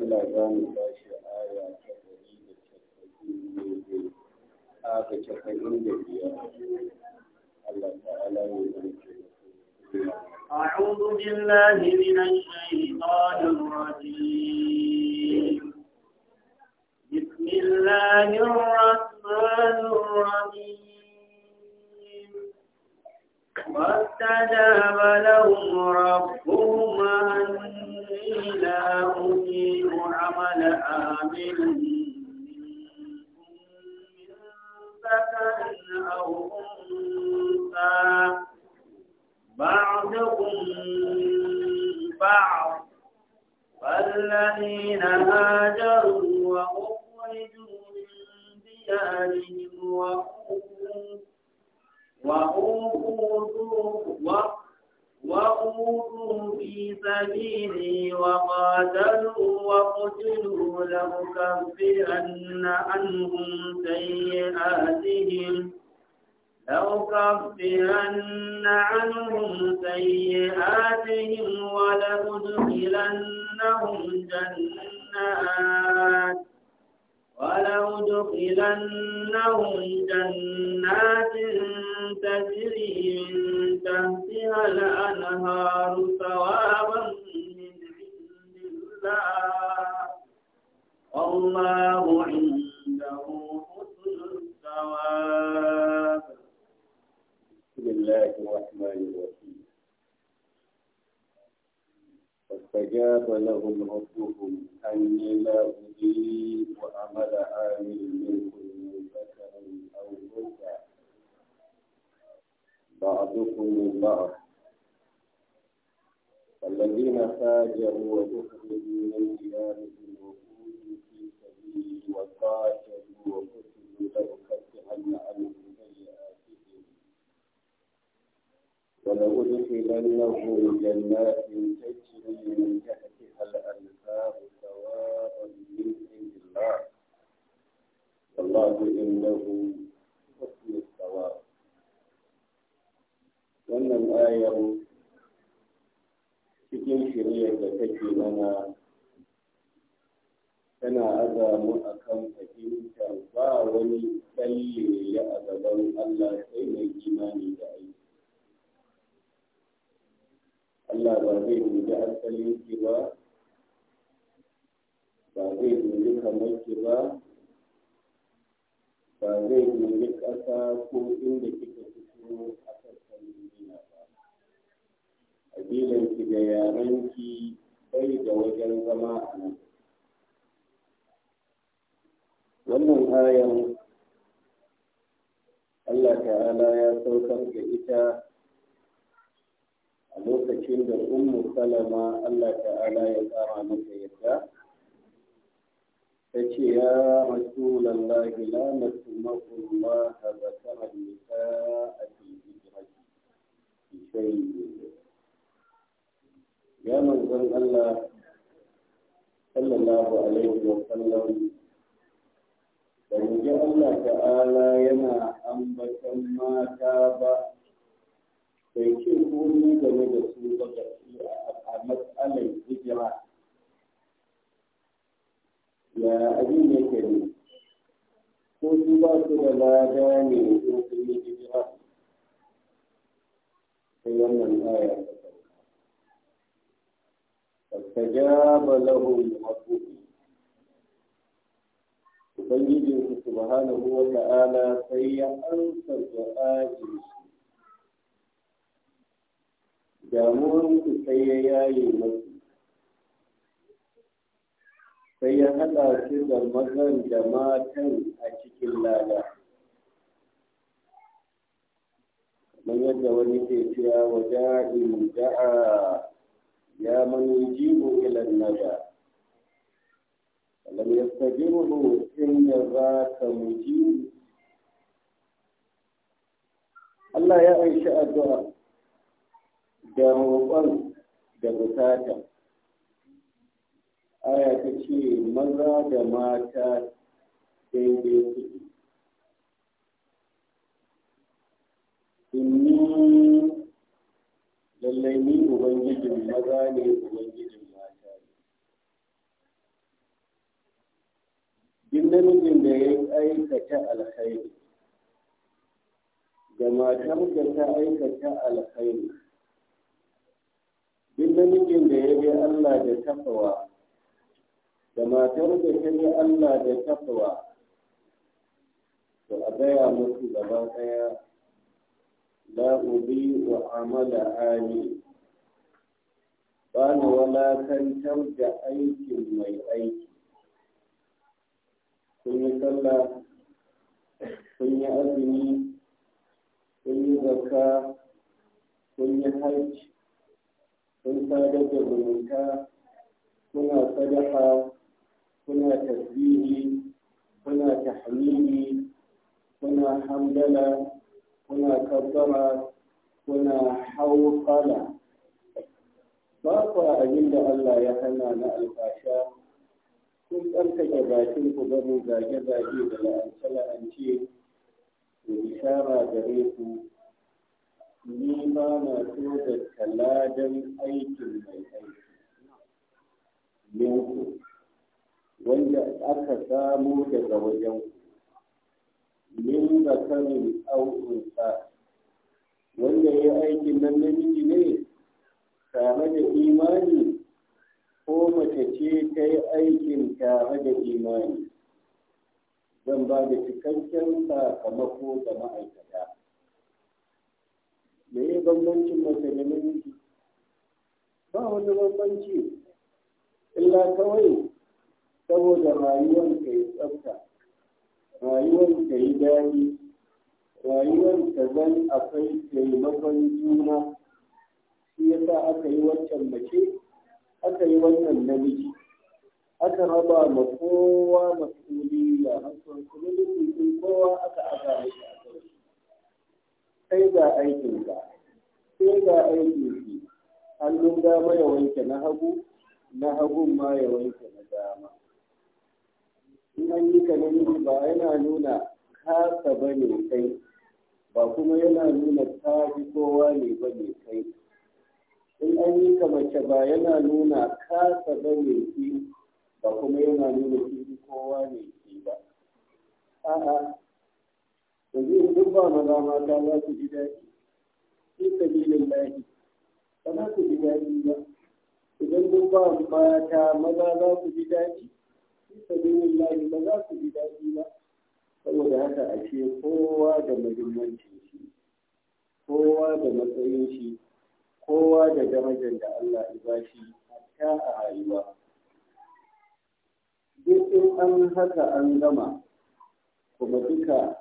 Allah za mu ba shi aya ta ɗari da casa'in daidai a ga casa'in da biyar Allah ta'ala ya zama أعوذ بالله من الشيطان الرجيم بسم الله الرحمن الرحيم واستجاب لهم ربهم أني لا أضيع عمل عامل ذكر أو أنثى بعضهم بعض والذين هاجروا وأخرجوا من ديارهم وأوفوا وأوفوا وأوتوا في سبيلي وقاتلوا وقتلوا لأكفرن عنهم سيئاتهم لأكفرن عنهم سيئاتهم ولأدخلنهم جنات ولأدخلنهم جنات تجري من تحتها الأنهار النهار ثوابا من عند الله والله عنده حسن الثواب بسم الله الرحمن الرحيم فاستجاب لهم ربهم أني لا اجيب عمل عامل منكم من ذكر أو أنثى بعضكم من بعض والذين فاجروا وكفروا من ديارهم وقودوا في سبيلي وقاتلوا وقتلوا لأكفرن عنهم سيئاتهم ولأدخلنهم جنات تجري من تحتها الأنهار سواء من عند الله والله إنه حسن الثواب. ومن آية cikin shirya da take mana tana aza mu a kan fahimtar ba wani tsalle ya a gaban Allah sai mai imani da aiki. Allah ba zai dubi asalin ki ba, ba zai dubi kamar ki ba, ba zai dubi ƙasa ko inda kika fito a kabilanki da yarenki bai da wajen zama a nan wannan ayan Allah ta'ala ya saukar da ita a lokacin da ummu salama Allah ta'ala ya kara mata yadda ta ce ya rasulallahi la nasumahu Allah zakara nisa a cikin hijirati shay'in ya manzon Allah sallallahu alaihi wa sallam da ji Allah ta'ala yana ambatan mata ba bai ce komai game da su ba a matsalar hijira ya abin ke ne ko su ba su da lada ne ko sun yi hijira sai wannan aya فاستجاب لهم ربهم Ubangijinsu subhanahu wa ta'ala sai ya amsa du'a'in damuwansu sai ya yaye masu sai ya haɗa su da mazan da matan a cikin lada kamar yadda wani ke cewa wajen da'a يا من يجيب إلى الندى فلم يستجبه إن ذاك مجيب Allah ya aishi addu'a da roƙon da bukata. Aya ta ce maza da mata daidai su. lallai ni ubangijin maza ne ubangijin mata ne duk namijin da ya aikata alkhairi da matar da ta aikata alkhairi duk namijin da ya bi Allah da tafawa da matar da ta bi Allah da tafawa to a gaya musu gaba ɗaya la ubi'u amala amil ba ni walakantar da aikin mai aiki kun yi sallah kun yi azumi kun yi zakka kun yi hajji kun sadar da zumunta kuna sadaka kuna tasbihi kuna tahmidi kuna hamdala kuna kabbara kuna hauƙala ba ku abin da Allah ya hana na albasha. kun tsarkake bakin ku gano zage-zage da la'ance-la'ance da ishara gare ku ni ba na so da taladan aikin mai aiki ku wanda aka samo daga wajen ku min zakarin au'unsa wanda ya aikin nan namiji ne tare da imani ko mace ce ta yi aikin tare da imani zan ba da cikakken sakamako ga ma'aikata me ya bambancin mace da namiji ba wani bambanci illa kawai saboda rayuwar ka yi tsafta rayuwar ta yi daɗi rayuwar ta zan akwai taimakon juna shi sa aka yi wancan mace aka yi wannan namiji aka raba ma kowa masuliya responsibility sun kowa aka aka shi a kai sai ga aikin ka sai ga aikin ki hannun dama ya wanke na hagu na hagun ma ya wanke na dama in an yi ka ba yana nuna kasa ba ne kai ba kuma yana nuna ta fi kowa ne ba ne kai in an yi ka mace ba yana nuna kasa ba ne ki ba kuma yana nuna fi kowa ne ki ba a'a zai duk ba maza mata za su ji daɗi fi sabilin lahi ba za su ji daɗi ba idan duk ba mata maza za su ji daɗi lahi ba za su ji daɗi ba saboda haka a ce, kowa da muhimmancin shi kowa da matsayin shi kowa da darajar da Allah ya shi, hatta a rayuwa duk in an haka an gama kuma duka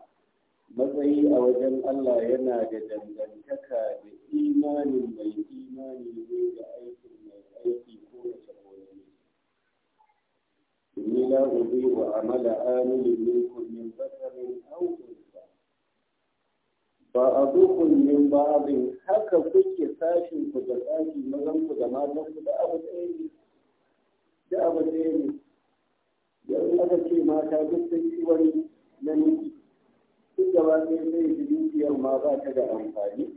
matsayi a wajen Allah yana da dangantaka da imanin mai imani ne da aikin mai aiki ko da إني لا أضيع عمل آمل منكم من ذكر أو أنثى بعضكم من بعض haka kuke sashin ku da sashi mazan ku da matan da abu ɗaya ne da abu ɗaya ne yanzu aka ce mata duk sun ci wani namiji duk gaba zai ji dukiyar ma ba ta da amfani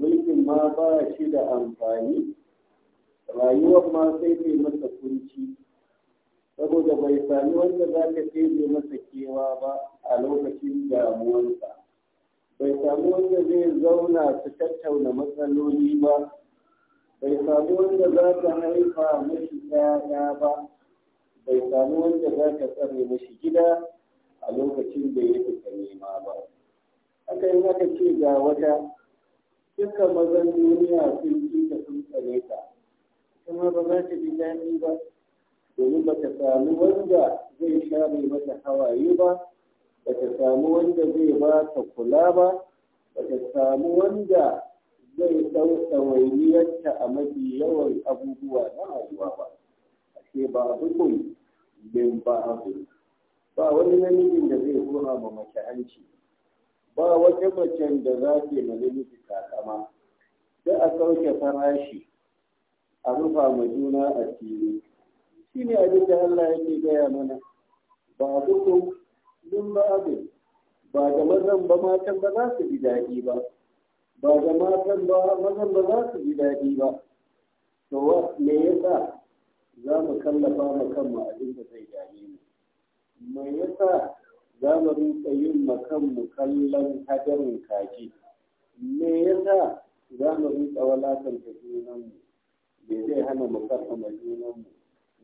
mulkin ma ba shi da amfani rayuwar ma sai kunci saboda bai sami wanda za ka ɗebe masa kewa ba a lokacin damuwarsa bai sami wanda zai zauna su tattauna matsaloli ba bai sami wanda za ka haifa mashi ɗaya ba bai sami wanda za ka tsare mashi gida a lokacin da ya fita nema ba haka yin haka ce ga wata dukkan mazan duniya sun fi ta sun tsare ta kuma ba za ta ji daɗi ba domin ba ta samu wanda zai share mata hawaye ba ba ta samu wanda zai ba ta kula ba ba ta samu wanda zai ɗau ɗawainiyarta a mafi yawan abubuwa na rayuwa ba ashe ba a kun bin ba abu ba wani namijin da zai kuma ma mace hanci ba wata macen da za ta ma namiji sakama. Sai a sauke farashi a rufa ma juna a asiri shi ne abin da Allah ya ke gaya mana ba dukkan dun ba abin ba da mazan ba matan ba za su ji daɗi ba ba da matan ba mazan ba za su ji daɗi ba to me yasa za mu kallafa mu kanmu abin da zai dame mu me yasa za mu rinka yin ma kanmu kallon hadarin kaji me yasa za mu rinka walakanta junanmu me zai hana mu karɓa junanmu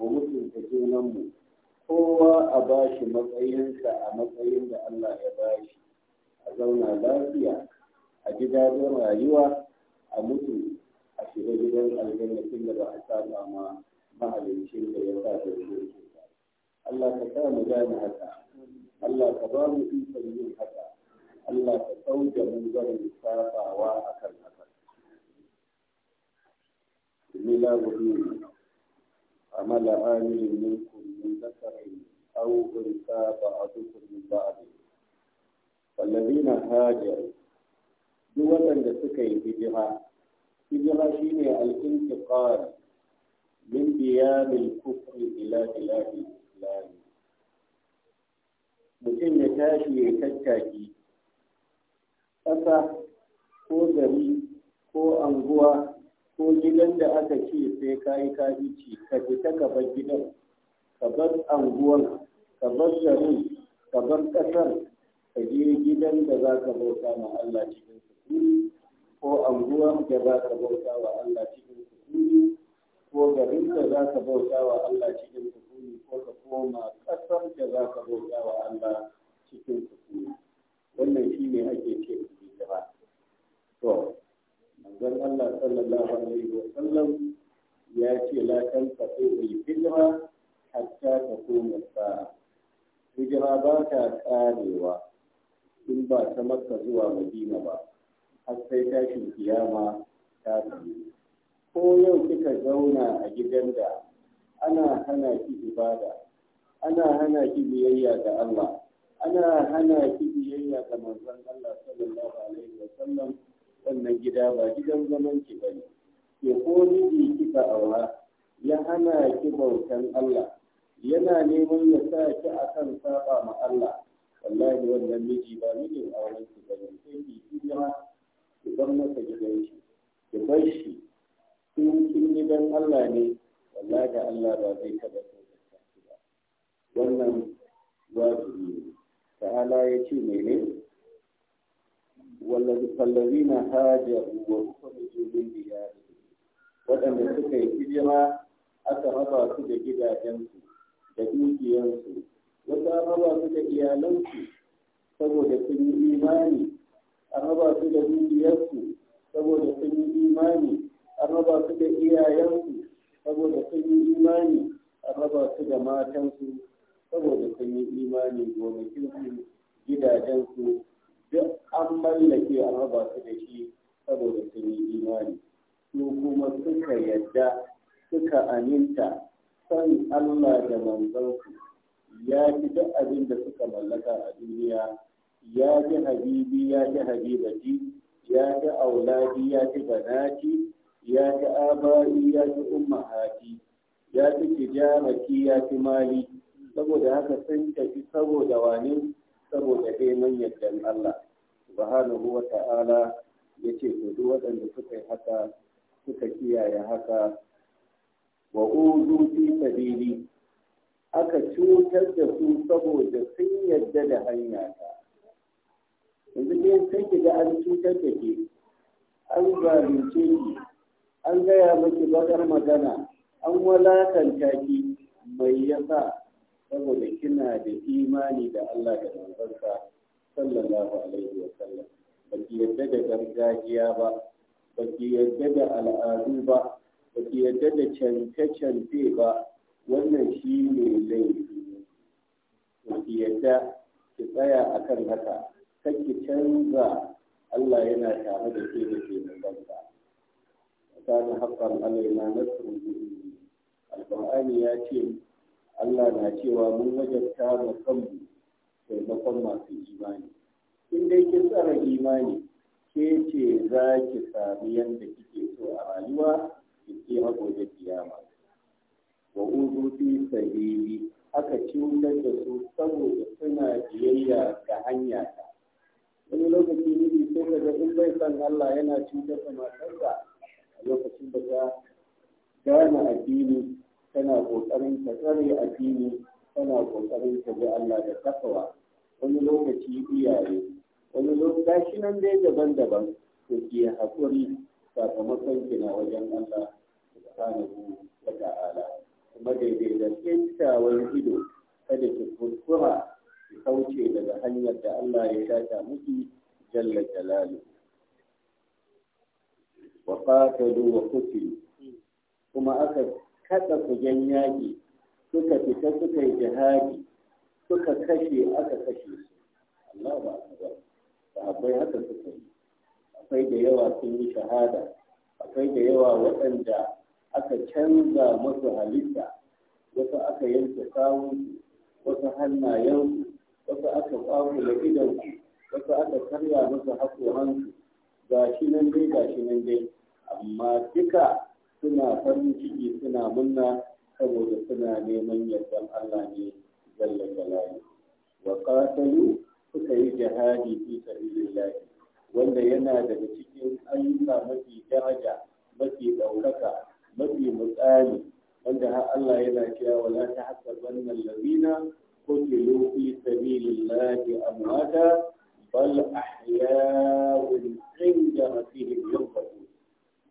mu mutunta junanmu kowa a ba shi matsayinsa a matsayin da Allah ya ba shi a zauna lafiya a ji daɗin rayuwa a mutu a shiga gidan aljanna tun da ba a saba ma mahalicin da ya sa da shi Allah ka sa mu gane haka Allah ka ba mu ikon yin haka Allah ka sauke mu barin a akan haka. Bismillahirrahmanirrahim. عمل عامل منكم من ذكر أو أنثى بعضكم من بعض والذين هاجروا دولا لسكي هجرة هجرة شيني الانتقال من ديار الكفر إلى بلاد الإسلام mutum ya tashi ya tattaki ƙasa ko gari ko anguwa ko gidan da aka ce sai ka yi ci ka fita ka bar gidan ka bar anguwan ka bar garin ka bar ƙasar ka je gidan da za ka bauta ma Allah cikin sukuni ko anguwan da za ka bauta wa Allah cikin sukuni ko garin da za ka bauta wa Allah cikin sukuni ko ka koma ƙasar da za ka bauta wa Allah cikin sukuni wannan shi ne ake ce ba, to manzon Allah sallallahu alaihi wa sallam ya ce la kan tafi al-hijra hatta takuma sa'a hijira ba ta karewa in ba ta makka zuwa madina ba har sai tashin kiyama ta tsaye ko yau kika zauna a gidan da ana hana ki ibada ana hana ki biyayya ga Allah ana hana ki biyayya ga manzon Allah sallallahu alaihi wa sallam wannan gida ba gidan zaman ki ba ne ke ko miji kika aura ya hana ki bautan Allah yana neman ya sa ki a kan saba ma Allah wallahi wannan miji ba mijin auren ki ba ne sai ki hijira ki bar masa gidan shi ki bar shi tun kin gidan Allah ne wallahi Allah ba zai taba so ba wannan wajibi ne ta'ala ya ce menene والذين هاجروا وأخرجوا من ديارهم waɗanda suka yi hijira aka raba su da gidajensu da dukiyansu wata an raba su da iyalansu saboda sun yi imani an raba su da dukiyarsu saboda sun yi imani an raba su da iyayensu saboda sun yi imani an raba su da matansu saboda sun yi imani gonakinsu gidajensu duk an mallake an raba su da shi saboda sun yi imani su kuma suka yadda suka aminta san Allah da manzansu ya fi duk abin da suka mallaka a duniya ya fi habibi ya fi habibati ya fi auladi ya fi banati ya fi abari ya fi ummahati ya fi tijarati ya fi mali saboda haka sun tafi saboda wani saboda manyan yardan Allah subhanahu wa ta'ala ya ce to duk waɗanda suka yi haka suka kiyaye haka wa uzu fi sabili aka cutar da su saboda sun yarda da hanya ta yanzu ne sai ki ga an cutar da ke an zalunce ki an gaya miki bakar magana an walakanta ki mai yasa saboda kina da imani da Allah da manzansa sallallahu alaihi wa sallam baki yadda da gargajiya ba baki yadda da al'adu ba baki yadda da canfe-canfe ba wannan shi ne laifi baki yadda ki tsaya akan haka ki canza Allah yana tare da ke da ke manzansa ta da haƙƙan alaina na al qurani ya ce Allah na cewa mun wajabta ma kanmu taimakon masu imani in dai kin tsara imani ke ce za ki sami yadda kike so a rayuwa ki ce gobe kiyama wa uzu fi sabili aka cutar da su saboda suna biyayya ga hanya ta wani lokaci miji sai ka ga in bai san Allah yana cutar da matarsa a lokacin da ta gane addini tana ƙoƙarin ta tsare a addini tana ƙoƙarin ta bi Allah da takawa wani lokaci iyaye wani lokaci nan dai daban-daban to ki haƙuri sakamakon kina wajen Allah subhanahu wa ta'ala kuma daidai da wani ido kada ki kuskura ki kauce daga hanyar da Allah ya shata miki jalla jalalu wa qatalu wa qutilu kuma aka kaɗa kujen yaƙi suka fita suka yi jihadi suka kashe aka kashe su Allah ba akbar akwai haka suka yi akwai da yawa sun yi shahada akwai da yawa waɗanda aka canza musu halitta wasu aka yanke sawunsu wasu hannayensu wasu aka kwakula ku, wasu aka karya musu haƙoransu ga shi nan dai ga shi nan dai amma duka suna farin ciki suna munna saboda suna neman yardan Allah ne jalla jalali wa qatalu suka yi jihadi fi sabilillah wanda yana daga cikin ayyuka mafi daraja mafi daukaka mafi mutsali wanda har Allah yana cewa wala tahsabanna allazina qutilu fi sabilillah amwata bal ahya'un 'inda rabbihim yunfaqun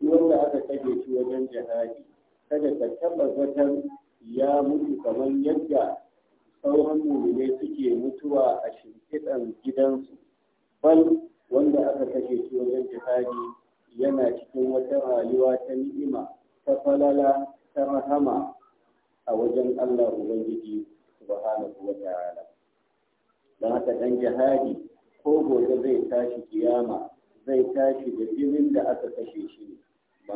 wanda aka tsage shi wajen jihadi kada ka taba zaton ya mutu kamar yadda sauran mumine suke mutuwa a shimfiɗan gidansu bal wanda aka kashe shi wajen jihadi yana cikin wata rayuwa ta ni'ima ta falala ta rahama a wajen Allah Ubangiji subhanahu wa ta'ala don haka dan jihadi ko gobe zai tashi kiyama zai tashi da jinin da aka kashe shi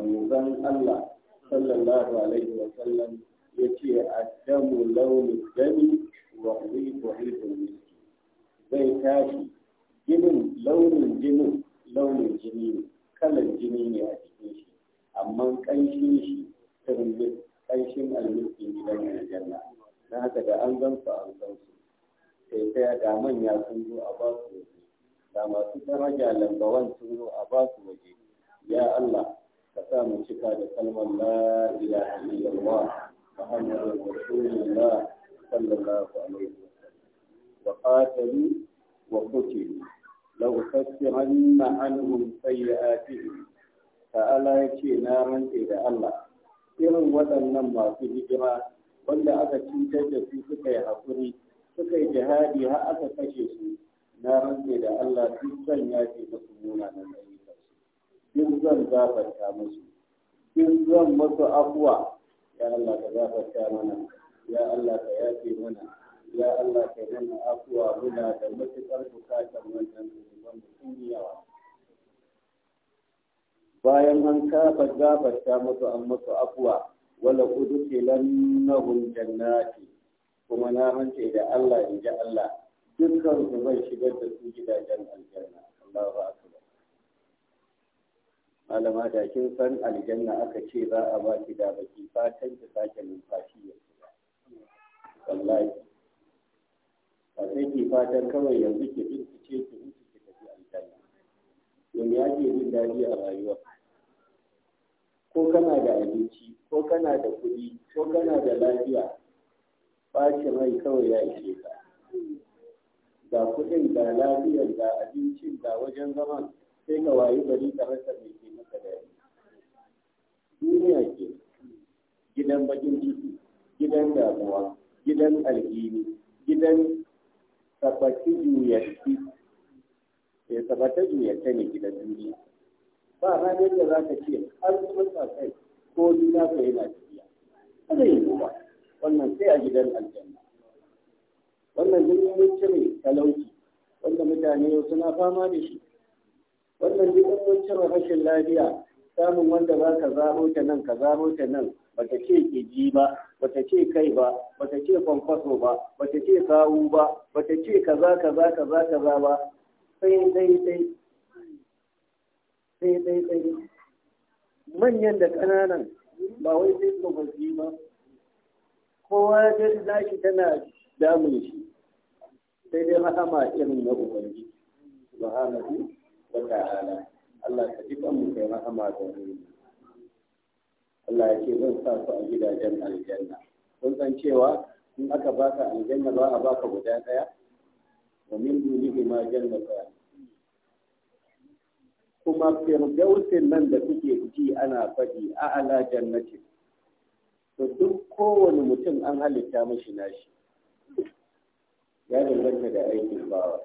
manzon Allah sallallahu alaihi wa sallam ya ce 'A damu launin dami wa ribu ribu miski zai tashi jinin launin jinin launin jini ne kalan jini ne a cikin shi amma kanshin shi turmi kanshin almiski gidan aljanna na haka da an zan su an san su sai ta ga manya sun zo a ba su waje da masu daraja lambawan sun zo a ba su waje ya Allah ka sa mu cika da kalmar la ilaha illallah muhammadun rasulullah sallallahu alaihi wasallam wa qatalu wa qutilu law kaffiranna anhum sayyi'atihim ta'ala yace na rantse da Allah irin waɗannan masu hijira wanda aka cutar da su suka yi haƙuri suka yi jihadi har aka kashe su na rantse da Allah duk zan yafe musu munanan ayyuka in zan zafarta musu in zan masu afuwa ya Allah ka zafarta mana ya Allah ka yafe mana ya Allah ka mana afuwa muna da matuƙar bukatar wannan zunuban mutum yawa bayan an kafa zafarta musu an masu afuwa wala udkhilannahum jannati kuma na rance da Allah in ji Allah dukkan su zai shigar da su gidajen aljanna Allahu akbar malama da kin san aljanna aka ce za a ba ki da baki fatan ki sake numfashi yanzu wallahi ba sai ki fatan kawai yanzu ki ce ki mutu ki tafi aljanna don ya ke jin dadi a rayuwa ko kana da abinci ko kana da kuɗi ko kana da lafiya ɓaci mai kawai ya ishe ka da kuɗin da lafiyar da abincin da wajen zaman sai ka wayi bari ka rasa mai ke maka da duniya ke gidan bakin ciki gidan damuwa gidan alhini gidan sabati juyarci sai eh, sabbata juyarci ne gidan duniya ba ranar da za ka ce an tsotsa kai ko duniya ka yana tafiya kada yi ba wannan sai a gidan aljanna wannan duniya ne talauci wanda mutane suna fama da shi wannan duk mun cire rashin lafiya samun wanda za ka zaro ta nan ka zaro ta nan bata ce ji ba bata ce kai ba bata ce kwankwaso ba bata ce kawu ba bata ce kaza kaza kaza kaza ba sai sai sai sai sai sai manyan da ƙananan ba wai sai tsofaffi ba kowa da zaki tana damun shi sai dai rahama irin na ubangiji subhanahu wa ta'ala Allah ka ji mu kai rahama da mu Allah ya ce zan sa a gidajen aljanna kun san cewa in aka baka aljanna ba a baka guda daya wa min dunihi ma jannata kuma firdausin nan da kuke ji ana faɗi a ala jannati to duk kowane mutum an halitta mashi nashi ya danganta da aikin bawa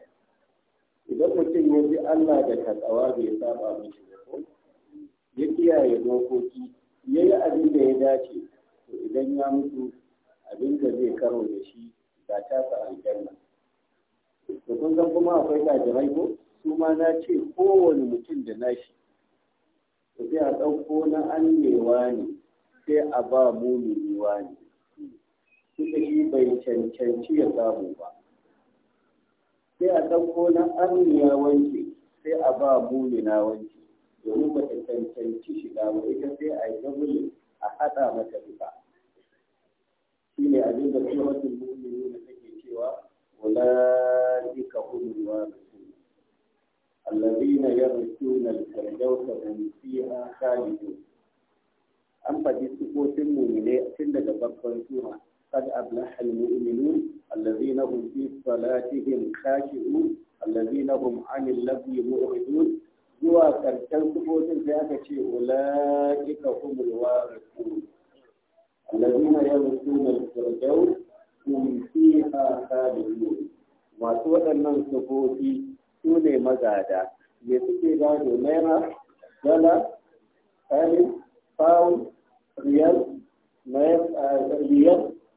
idan mutum ya ji Allah da katsawa bai saba mishi ba ko ya kiyaye dokoki ya yi abin da ya dace to idan ya mutu abin da zai karo da shi ba ta sa aljanna to kun san kuma akwai dajirai ko su ma na ce kowane mutum da nashi to sai a ɗauko na annewa ne sai a ba mumini wani. Kuka shi bai cancanci ya samu ba. sai a ɗauko na ya wanke sai a ba mumina wanke domin ba ta cancanci shiga ba ita sai a yi dabulin a haɗa mata duka shi ne abin da suratul mu'minin da take cewa ulaika humul warithun alladhina yarithuna al-firdausa hum fiha khalidun an faɗi sifofin ne, tun daga babban sura قد أبلح المؤمنون الذين هم في صلاتهم خاشعون الذين هم عن اللغو معرضون زوا كرتن كفوتن في أولئك هم الوارثون الذين يرثون الفردوس هم فيها خالدون واتو أنن كفوتي سوني مزادا يسكي غادو ميرا جلا ألف فاون ريال ميرا آه، ريال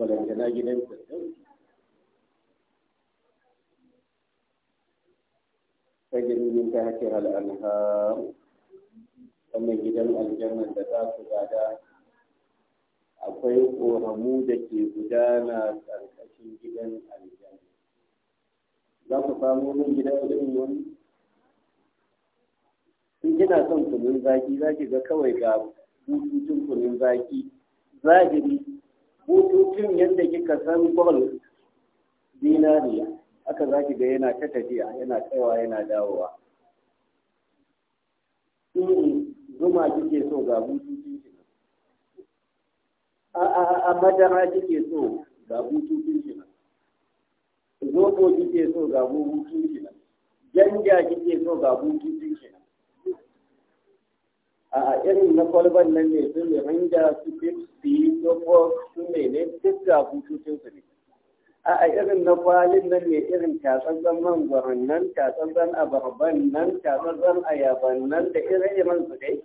balantana gidan sassauci tajiri min ta hake al'anhar wannan gidan aljannan da za su gada akwai ƙoramu da ke gudana ƙarƙashin gidan aljanna za ku samu min gidan irin wani in kina son kunun zaki za ki ga kawai ga bututun kunun zaki zahiri hututun yadda kika san bol dinariya aka za ki ga yana ta tafiya yana kaiwa yana dawowa in hmm, zuma kike so ga bututun shi a madara kike so ga bututun shi zobo kike so ga bututun shi janja kike so ga bututun shi a irin na kwalban nan ne sun yi hanga su fifty su box su ne duk ga bututun su ne a irin na kwalin nan ne irin tatsanzan mangwaron nan tatsanzan abarban nan tatsanzan ayaban nan da irin irin su dai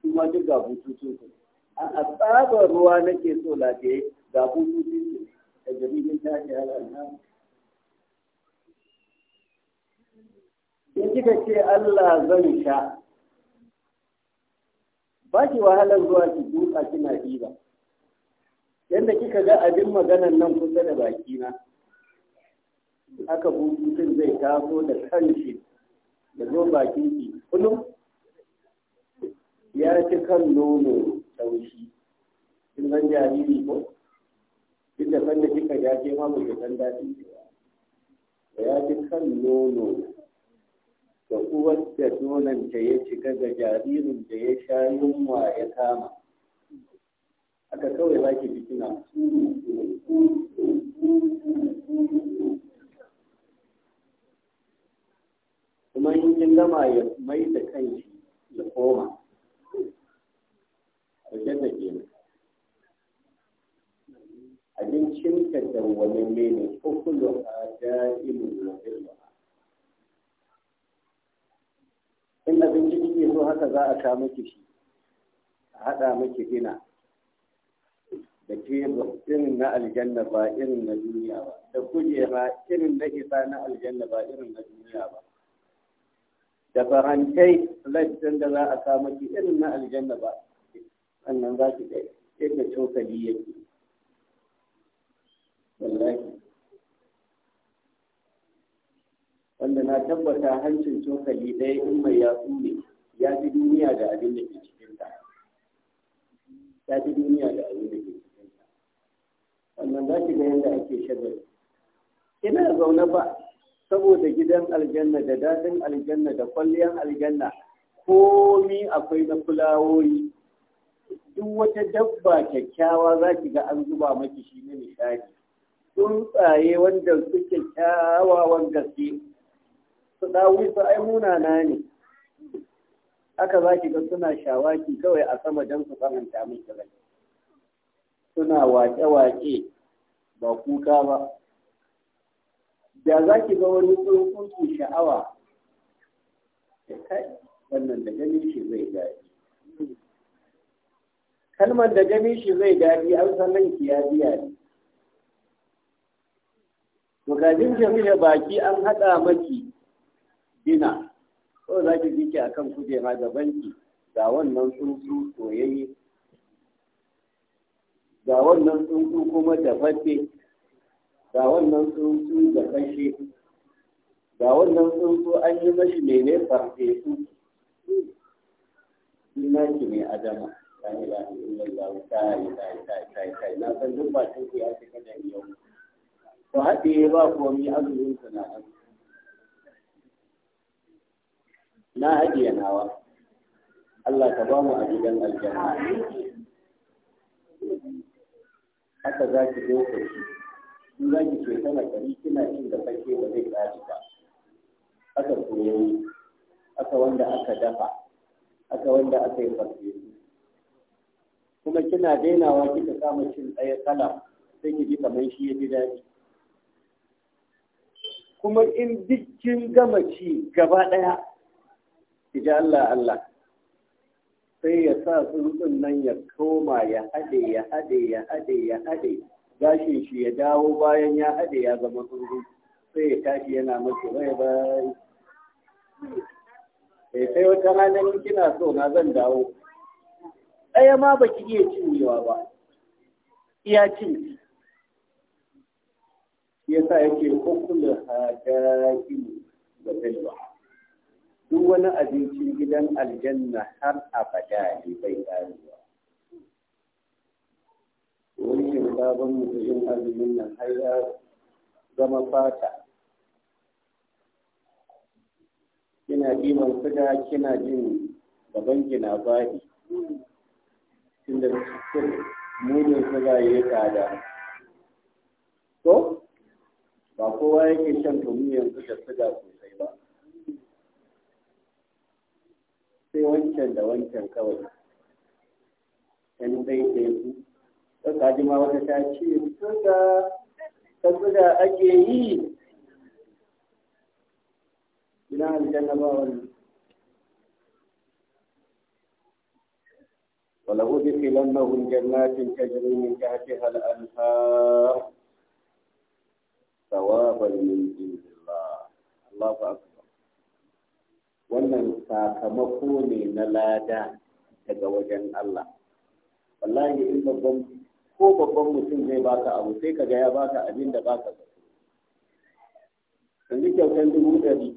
kuma duk ga bututun su a tsabar ruwa nake so lafiya ga bututun su da jirgin tashi halar in kika ce Allah zan sha ba ki wahalar zuwa ki duka kina diba yadda kika ga abin maganan nan kusa da baki na haka bututun zai taso da kanshi da zo bakin ki kullum ya ci kan nono taushi kin san jariri ko duk da san kika ja ke ma ba ki san daɗin ki ya ci kan nono da uwar da nonanta ya shiga ga jaririn da ya sha yunwa ya kama haka kawai za ki kuma in kin gama ya mai da kanshi ya koma ƙarshen da ke abincin ka da wani ne ko kullum a da'imin na in abinci kike so haka za a ka miki shi a haɗa miki gina da tebur irin na aljanna ba irin na duniya ba da kujera irin na isa na aljanna ba irin na duniya ba da farantai lantin da za a sa miki irin na aljanna ba sannan za ki ga yadda cokali yake wallahi wanda na tabbata hancin cokali ɗaya in mai yatsu ne ya fi duniya da abin da ke cikinta ya fi duniya da abin da ke cikinta wannan za ki ga yadda ake shagari ina zaune ba saboda gidan aljanna da dadin aljanna da kwalliyan aljanna komi akwai na fulawoyi duk wata dabba kyakkyawa za ki ga an zuba maki shi ne nishadi tsuntsaye wanda suke kyawawan gaske su dawo su ai munana ne haka za ki ga suna shawaki kawai a sama don su tsananta miki rai suna wake-wake ba kuka ba da za ki ga wani tsohon sha'awa da kai wannan da gani shi zai daɗi kalmar da gani shi zai daɗi an san ki ya biya ne to ga baki an haɗa maki bina ko za ki jike a kan kujera gabanki ga wannan tsuntsu soyayye ga wannan tsuntsu kuma dafaffe ga wannan tsuntsu da kashe ga wannan tsuntsu an yi mashi mene su ina ki ne adama ta yi ta yi ta yi ta yi ta yi ta yi ta yi na san duk ba tun ku ya ce kada yau ku haɗe ba komi azumin sana'ar na ajiye nawa Allah ka ba mu a gidan aljanna haka za ki zo ku ci in za ki ce tana kari kina cin da fake ba zai tsari ba aka koyoyi aka wanda aka dafa aka wanda aka yi fasfe kuma kina dainawa kika samu cin ɗaya kala sai ki ji kamar shi ya ji daɗi kuma in duk kin gama ci gaba ɗaya ija Allah Allah sai ya sa tsuntsun nan ya koma ya haɗe ya haɗe ya haɗe ya haɗe gashin shi ya dawo bayan ya haɗe ya zama tsuntsu sai ya tashi yana mace bai bai sai sai wata ranar kina so na zan dawo ɗaya ma ba ki iya cinyewa ba iya cin sa yake kokul hadakin da ba. duk wani abincin gidan aljanna har abada ne bai ba. wani shinkaban mutum azumin nan har ya zama fata kina ɗiban suga kina jin gaban gina baɗi tunda mudin suga ya yi tsada to ba kowa yake shan tumi yanzu da suga ko sai wancan da wancan kawai yan zai da su suka ji ma wata ta ce suka ta suka ake yi ina aljanna ba wani ولأدخلنهم جنات تجري من تحتها الأنهار ثوابا من عند الله الله أكبر wannan sakamako ne na lada daga wajen Allah wallahi in babban ko babban mutum zai baka abu sai kaga ya baka abin da baka zato yanzu kyautar dubu ɗari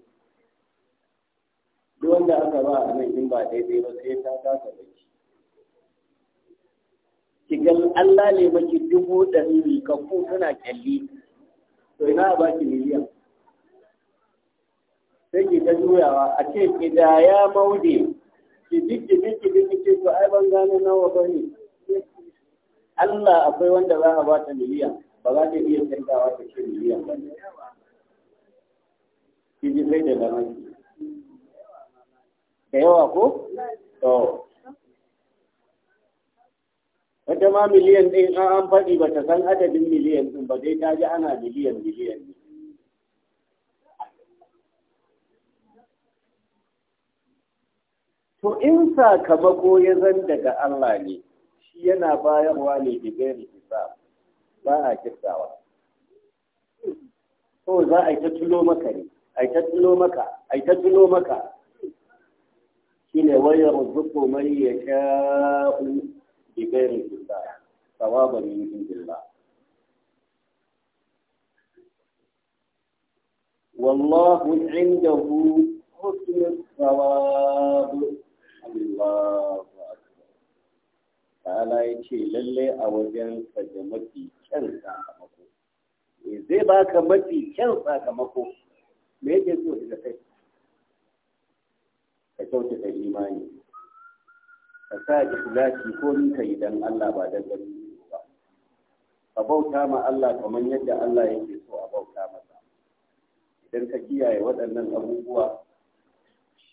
duk wanda aka ba a nan in ba daidai ba sai ta kasa baki kigal Allah ne maki dubu ɗari ka ku kana kyalli to ina a baki miliyan sai ke ta juyawa a ce ki da ya maude ki bi ki bi ki bi ki ce to ai ban gano nawa ba ne Allah akwai wanda za a ba ta miliyan ba za ta iya canzawa ta ce miliyan ba ki ji sai da ganin da yawa ko to wata ma miliyan ɗin an faɗi ba ta san adadin miliyan ɗin ba dai ta ji ana miliyan miliyan ne to in sakamako ya zan daga Allah ne shi yana bayarwa ne da gani isa ba a kirtawa. to za a ta tulo maka ne a ta tulo maka a ta tulo maka ne wayar zuku mai ya sha'u bi ghairi hisab sawaban min indillah والله عنده حسن الثواب Allahu akbar ta'ala ya ce lalle a wajen ka da mafi kyan sakamako me zai baka mafi kyan sakamako me yake so da kai ka kyautata imani ka sa ikhlasi ko ni ka yi dan Allah ba dan gani ba ka bauta ma Allah kamar yadda Allah yake so a bauta masa idan ka kiyaye waɗannan abubuwa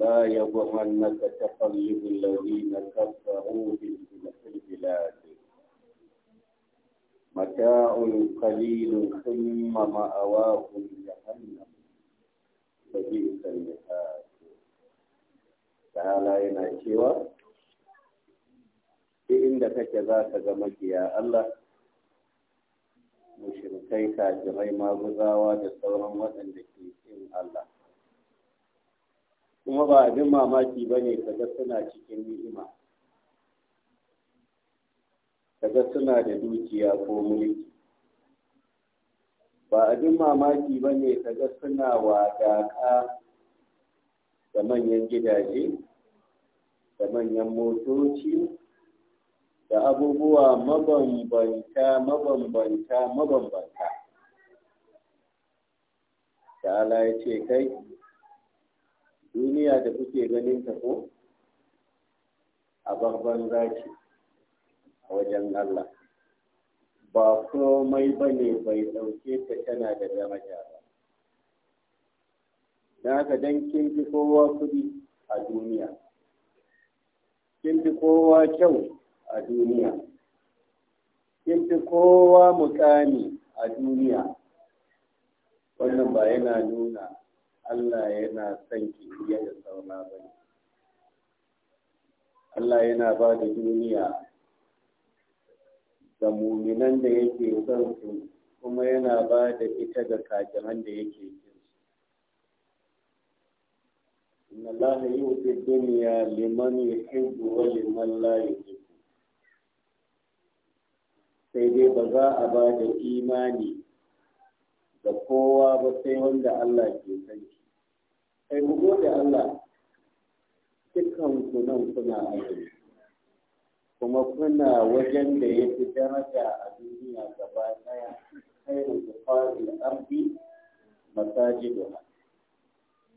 لا يغرنك تقلب الذين كفروا في البلاد متاع قليل ثم مأواهم جهنم فبئس المهاد تعالى ينا شوى inda kake za ka ga makiya Allah mushrikai kafirai maguzawa da sauran waɗanda ke yin Allah kuma ba abin mamaki ba ne kaga suna cikin ni'ima kaga suna da dukiya ko mulki ba abin mamaki ba ne kaga suna wadaka da manyan gidaje da manyan motoci da abubuwa mabambanta mabambanta mabambanta da ala ya ce kai duniya da kuke ganin ta ko a babban zaki a wajen Allah ba komai ba ne bai ɗauke ta tana da daraja ba don haka don kin fi kowa kuɗi a duniya kin fi kowa kyau a duniya kin fi kowa mukami a duniya wannan ba yana nuna Allah yana son ki iya da saura ba Allah yana ba da duniya ga muminan da yake son su kuma yana ba da ita ga kajiran da yake kin su. Inna Allah wuce duniya liman hibu wa liman Sai dai ba za a ba da imani ga kowa ba sai wanda Allah ke san kai mu da Allah dukkan ku nan kuna aiki kuma kuna wajen da ya fi daraja a duniya gaba daya khairu zufaril ardi masajiduha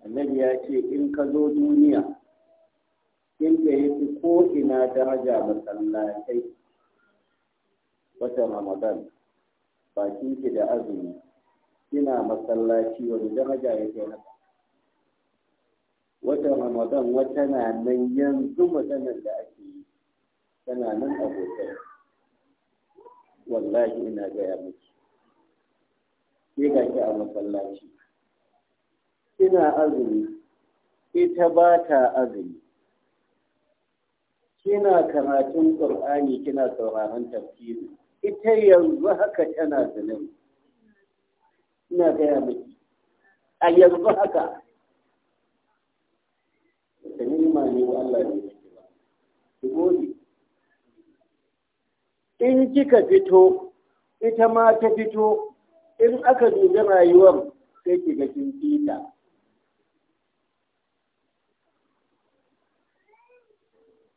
annabi ya ce in ka zo duniya inda ya fi koina daraja masallatai watan ramadan bakin ki da azumi kina masallaci wani daraja ya kai haka wata ramadan wata na nan yanzu maganar da ake yi tana nan abokai wallahi ina gaya miki sai ga ki a masallaci ina azumi ita ba ta azumi kina karatun qur'ani kina sauraron tafsiri ita yanzu haka tana zunubi ina gaya miki a yanzu haka ne ba Allah ne ba gode in kika fito ita ma ta fito in aka dubi rayuwar sai ki ga kin fita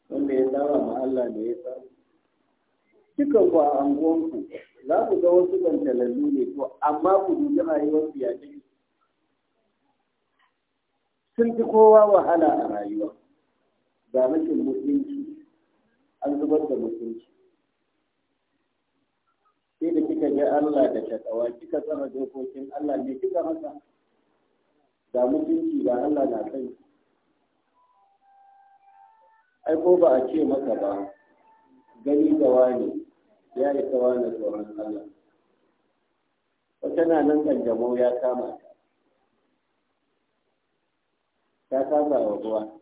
wanda ya tsara ma Allah ne ya tsara. Kika ku a anguwanku za ku ga wasu gantalallu ne to amma ku dubi rayuwar su ya sun fi kowa wahala a rayuwar. ga rashin mutunci an zubar da mutunci sai da kika ga Allah da shakawa kika tsara dokokin Allah ne kika haka. ga mutunci ba Allah na kai ai ko ba a ce maka ba gani da wani ya yi kawa na tsoron Allah wata na nan kanjamau ya kama ta ta kasa wa ruwa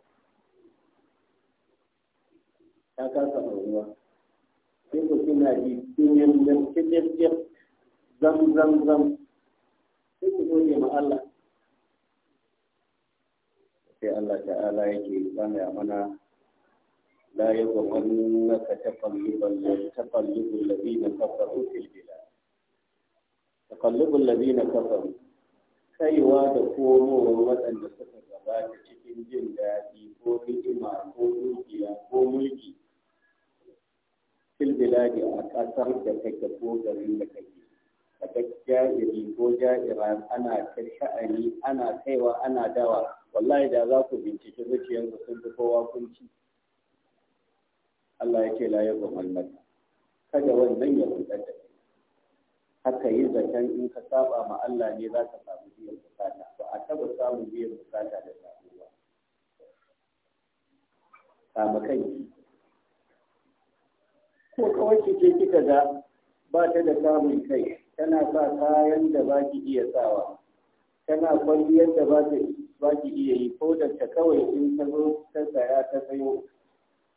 ta kasa ruwa sai ku kina ji yi zam kinyan zam zam zam sai ku zo ma Allah sai Allah ta'ala yake bani amana la yughannaka taqallubal taqallubul ladina kafaru fil bilad taqallubul na kafaru kaiwa da komowar waɗanda suka gabata cikin jin daɗi ko hikima ko dukiya ko mulki fil biladi a kasar da kake ko garin da kake ta jajiri ko jajira ana ta sha'ani ana kaiwa ana dawa wallahi da za ku binciki zuciyarku sun fi kowa kunci Allah ya ce la ya mallaka kada wannan ya kuɗa da haka yi zaton in ka saba ma Allah ne za ka samu biyan bukata ba a taba samu biyan bukata da samuwa kama kanki ko kawai ce kika ga ba ta da samun kai tana sa kayan da ba ki iya sawa tana kwalliyar da ba ki iya yi ko da ta kawai in ta zo ta tsaya ta tsayo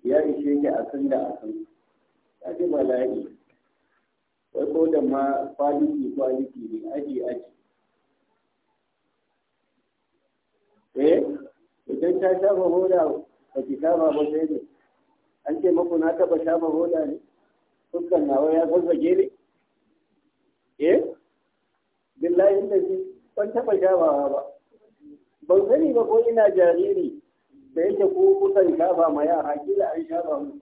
ya ishe ki a sun da a sun ta ji bala'i wai ko da ma kwaliki kwaliki ne aji aji eh idan ta shafa hoda ba ki shafa ba sai ne an ce maku na taba shafa hoda ne na nawa ya ke ne eh billahi inda shi ban taɓa shafawa ba ban sani ba ko ina jariri da yake ko kusan shafa ma yara kila an shafa mu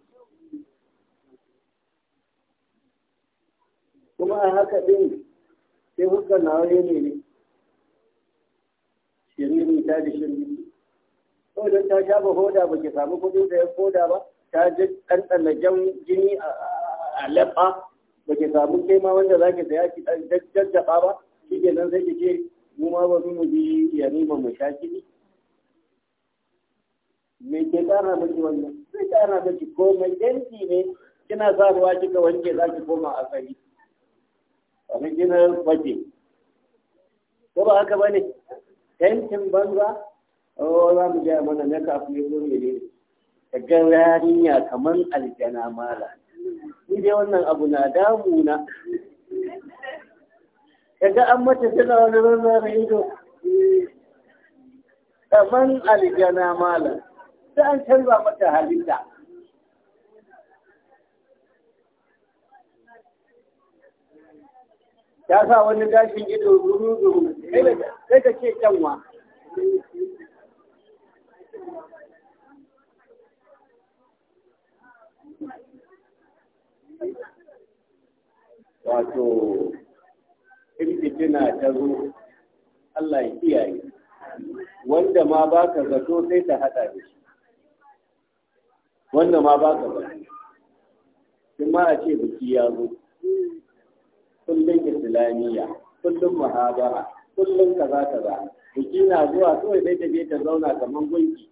kuma a haka ɗin sai fuskan nawa ne ne ne shirini ta da shirini saboda ta shafa hoda ba ki samu kuɗin da ya hoda ba ta ji ɗanɗana jan jini a a ba ke samu kai ma wanda za ki saya ki jajjaba ba shi ke nan sai ki ce mu ma ba mu ji ya ba mu sha kini me ke tsara miki wannan zai tsara miki komai yanki ne kina sa ruwa kika wanke za ki koma a asali wani kina wace ko ba haka ba ne tantin banza o oh, za mu gaya mana na kafin ya zo ne ne ka ga rariya kamar aljana mala ni dai wannan abu na damuna kaga an mace tana wani rana ido kaman aljana malam sai an canza mata halitta ta sa wani gashin ido zuru zuru sai ka ce canwa wato firgitina ta zo Allah ya kiyaye wanda ma ba ka zato sai ta hada da shi wanda ma ba ka zato in ma a ce biki ya zo kullum islamiyya kullum muhabara kullum kaza kaza biki na zuwa kawai sai ta je ta zauna kamar gunki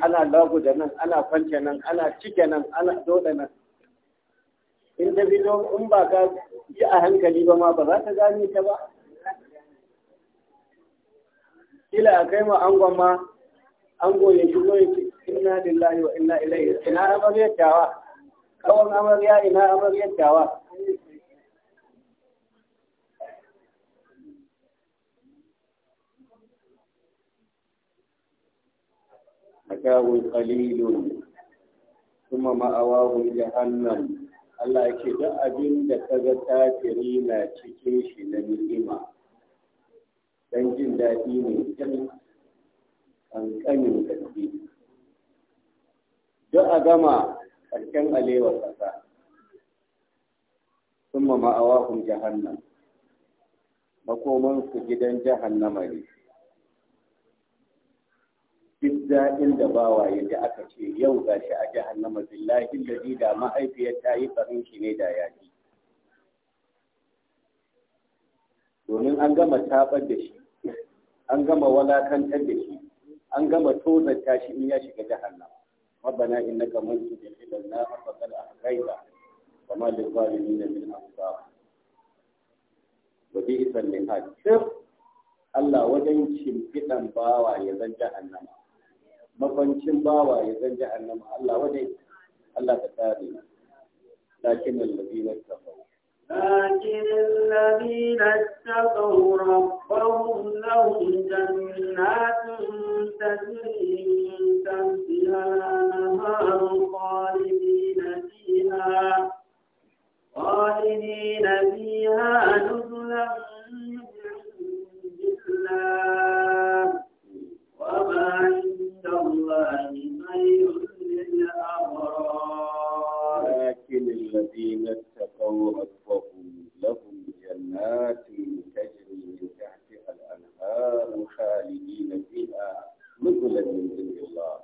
ana lagu da nan ana kwance nan ana cike nan ana dole nan in ta fito in ba ka ji a hankali ba ma ba za ta gane ta ba kila a kai ma angon ma ango ya shigo ya ce inna lillahi wa inna ilaihi ina amaryar tawa kawan amarya ina amaryar tawa متاع قليل ثم مأواهم جهنم Allah ke duk abin da ka ga kafiri na cikin shi na ni'ima dan jin daɗi ne kan kankanin gaske duk a gama karken alewa ƙasa sun ma ma'awahun jahannan makomansu gidan jahannama ne duk daɗin da bawa yadda aka ce yau ga shi a jahannama billahi da lazi da mahaifiyar ta yi farin shi ne da ya ji domin an gama tabar da shi an gama walakantar da shi an gama tozarta shi in ya shiga jahannama ربنا إنك من تدخل النار فقد أحييته وما للظالمين من أنصار وبئس المهاد شر Allah wajen shimfiɗan bawa ya zan jahannama makwancin bawa ya zan jahannama Allah waje Allah ka tsare mu lakin alladhina taqaw لكن الذين اتقوا ربهم لهم جنات تجري من تحتها الانهار خالدين فيها خالدين فيها نزلا من عند الله وما الله خير للأبرار لكن الذين اتقوا ربهم لهم جنات تجري من تحتها الأنهار خالدين فيها نزلا من عند الله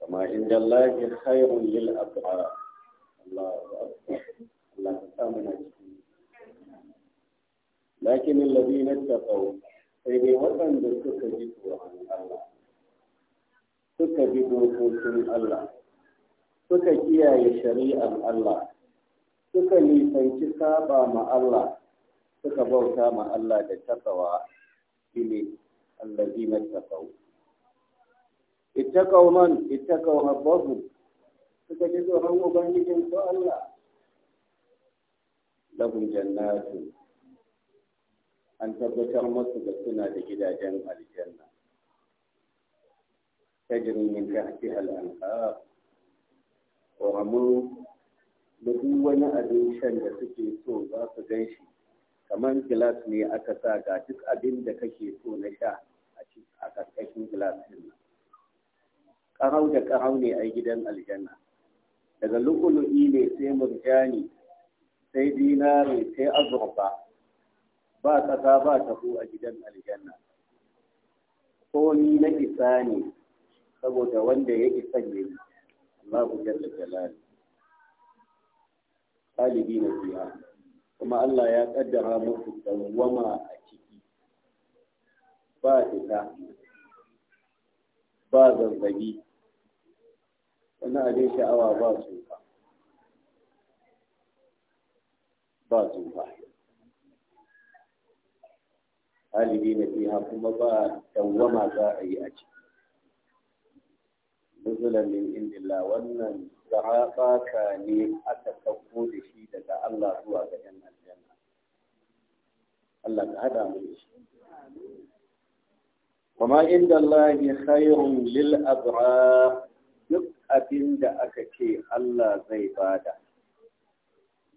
وما عند الله خير للأبرار الله أكبر الله آمنا لكن الذين اتقوا sai dai waɗanda suka ji suka bi dokokin Allah suka kiyaye shari'ar Allah suka nisanci saba ma Allah suka bauta ma Allah da takawa Allah allazina taqaw ittaqaw man ittaqaw rabbahum suka ji tsoron ubangijin su Allah lahum jannatu an tabbatar musu da suna da gidajen aljanna tajri min tahtiha al-anhar ƙoramu da wani abin shan da suke so za su gan shi kamar gilas ne aka sa ga duk abin da kake so na sha a ƙarƙashin din ɗin ƙarau da ƙarau ne a gidan aljanna daga lu'ulu'i ne sai murjani sai dinari sai azurfa ba ƙasa ba taho a gidan aljanna komi na isa ne saboda wanda ya isa Allah ku jalla jalali talibi na biya kuma Allah ya kaddara muku dawwama a ciki ba fita ba zazzabi wani abin sha'awa ba su ba ba talibi na biya kuma ba dawwama za a yi a ciki nuzulan min indillah wannan sahaba ne aka sauko da shi daga Allah zuwa ga yan aljanna Allah ka hada mu shi kuma inda Allah khairun lil duk abin da aka ce Allah zai bada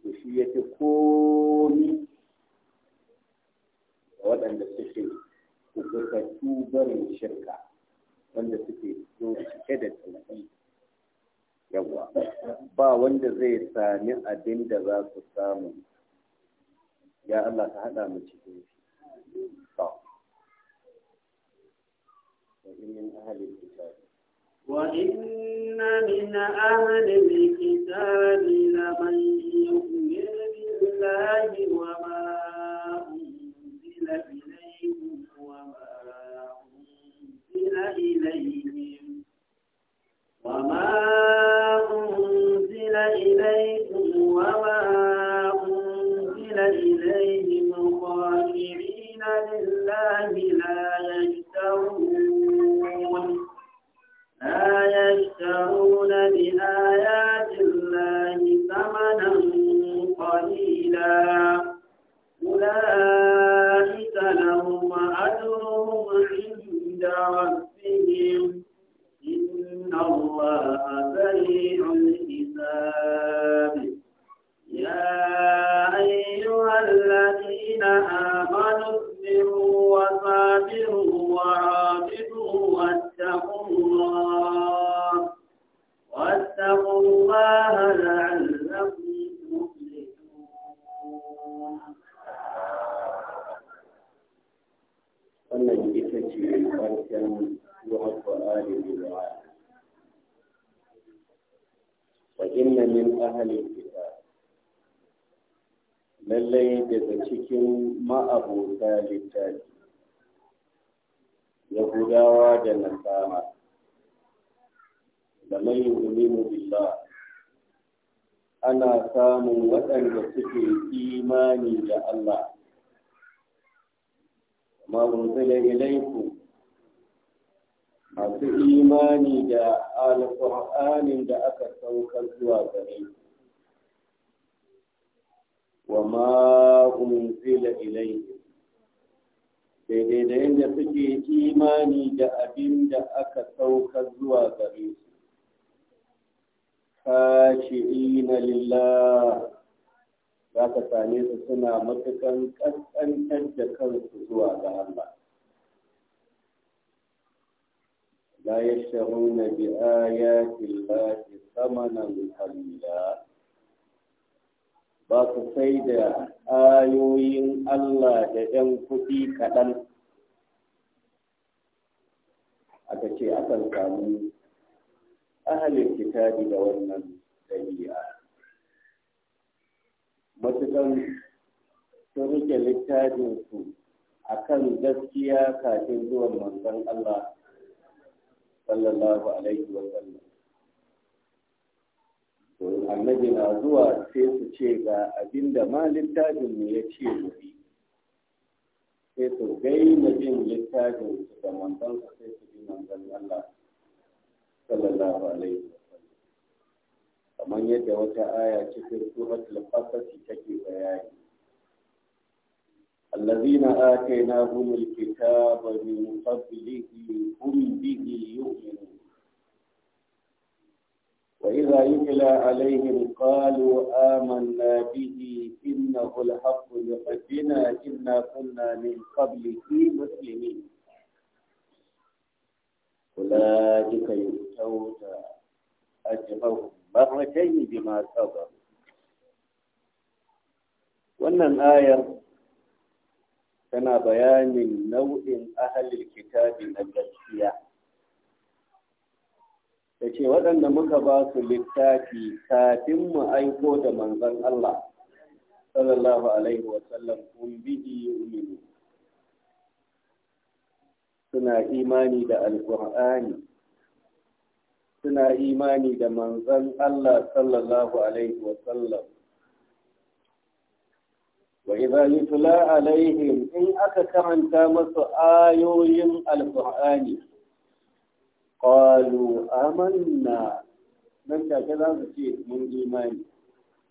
to shi yake komi waɗanda suke kuka tubarin shirka wanda suke zo cike da tunani yawa ba wanda zai sami abin da za su samu ya Allah ka haɗa mu cikin shi ba wa'in na ahali kitabi wa'in na ahali kitabi na mai yi wa ma'a wa ma'a إليهم وما أنزل إليكم وما أنزل إليهم خاشعين لله لا يشترون لا يشترون بآيات سميع min ahalin kitab lallai daga cikin ma'abota littafi yahudawa da nasara da mai yuhuminu billah ana samun waɗanda suke imani da Allah. Ma unzila masu imani da alƙur'anin da aka saukar zuwa gare wa ma unzila ilayhi daidai da yadda suke imani da abin da aka saukar zuwa gare su khashi'ina lillah za ka same su suna matukan ƙasƙantar da kansu zuwa ga Allah لا يشترون بآيات الله ثمنا قليلا ba su sai da ayoyin Allah da ‘yan kuɗi kaɗan aka ce akan samu ahalin kitabi da wannan ɗabi'a matukan sun rike littafinsu a kan gaskiya kafin zuwan manzon Allah sallallahu alaihi wa sallam to annabi na zuwa sai su ce ga abinda ma littafin mu ya ce mu yi sai su gaina jin littafin su da mandan su sai su bi mandan Allah sallallahu alaihi wa sallam kamar yadda wata aya cikin suratul qasas take bayani الذين آتيناهم الكتاب من قبله هم به يؤمنون وإذا يتلى عليهم قالوا آمنا به إنه الحق من إنا كنا من قبله مسلمين أولئك يؤتون أجرهم مرتين بما صبروا وأن الآية tana bayanin nau'in ahalin kitabi na gaskiya da ce waɗanda muka ba su littafi kafin mu aiko da manzan Allah sallallahu alaihi wasallam kun bihi uminu suna imani da alƙur'ani suna imani da manzan Allah sallallahu alaihi wasallam وإذا يتلى عليهم إن أكثر تامس آيوهم القرآن قالوا آمنا من كذا في من إيمان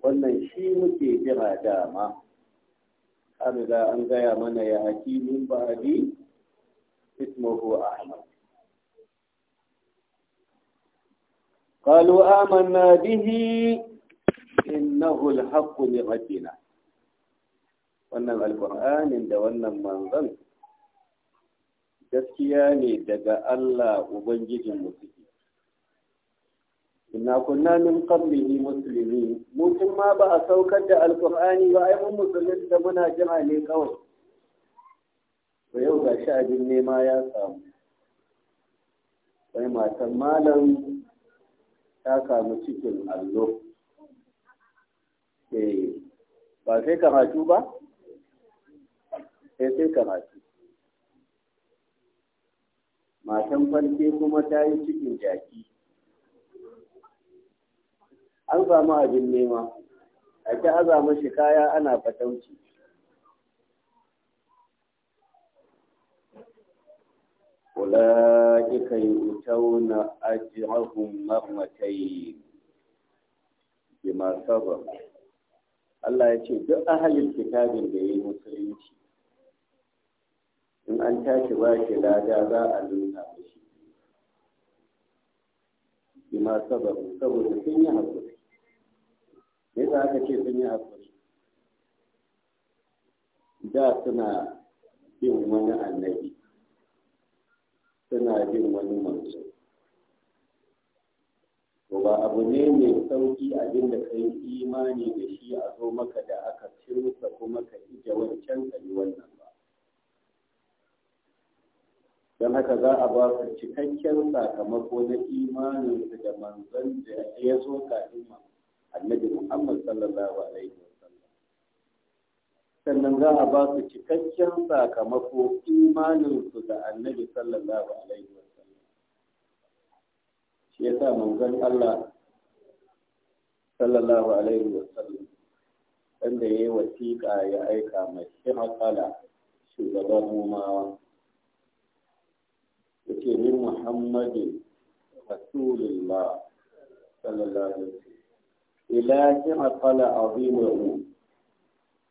والنشي متدرى داما أبدا أن جاء من يأتي من بعدي اسمه أحمد قالوا آمنا به إنه الحق لغدنا wannan alkur'anin da wannan manzan gaskiya ne daga Allah ubangijin musulmi Ina kunna min qablihi Musulmi. mutum ma ba a saukar da alkur'ani ba ai mun musulmi da muna jira ne kawai to yau ga shi abin nema ya samu sai matan malam ta kamu cikin allo eh, ba sai karatu ba sai sai karatu matan farke kuma ta yi cikin jaki an samu abin nema a ta aza mashi kaya ana fatauci أولئك يؤتون أجرهم marmatai بما masu Allah ya ce duk ahalin kitabin da ya yi musulunci in an tashi ba shi lada za a shi shi ma sababu saboda sun yi haƙuri me za aka ce sun yi haƙuri da suna bin wani annabi suna bin wani manzo to ba abu ne mai sauki abinda da kai imani da shi a zo maka da aka cinsa kuma ka ije wancan ka yi wannan don haka za a ba su cikakken sakamako na imaninsu da manzon da ya zo kafin annabi Muhammad sallallahu alaihi wasallam sannan za a ba su cikakken sakamako imaninsu da annabi sallallahu alaihi wasallam shi yasa manzon Allah sallallahu alaihi wasallam wanda ya yi wasiƙa ya aika mai shi shugaban rumawa محمد رسول الله صلى الله عليه وسلم إلى تعقل عظيم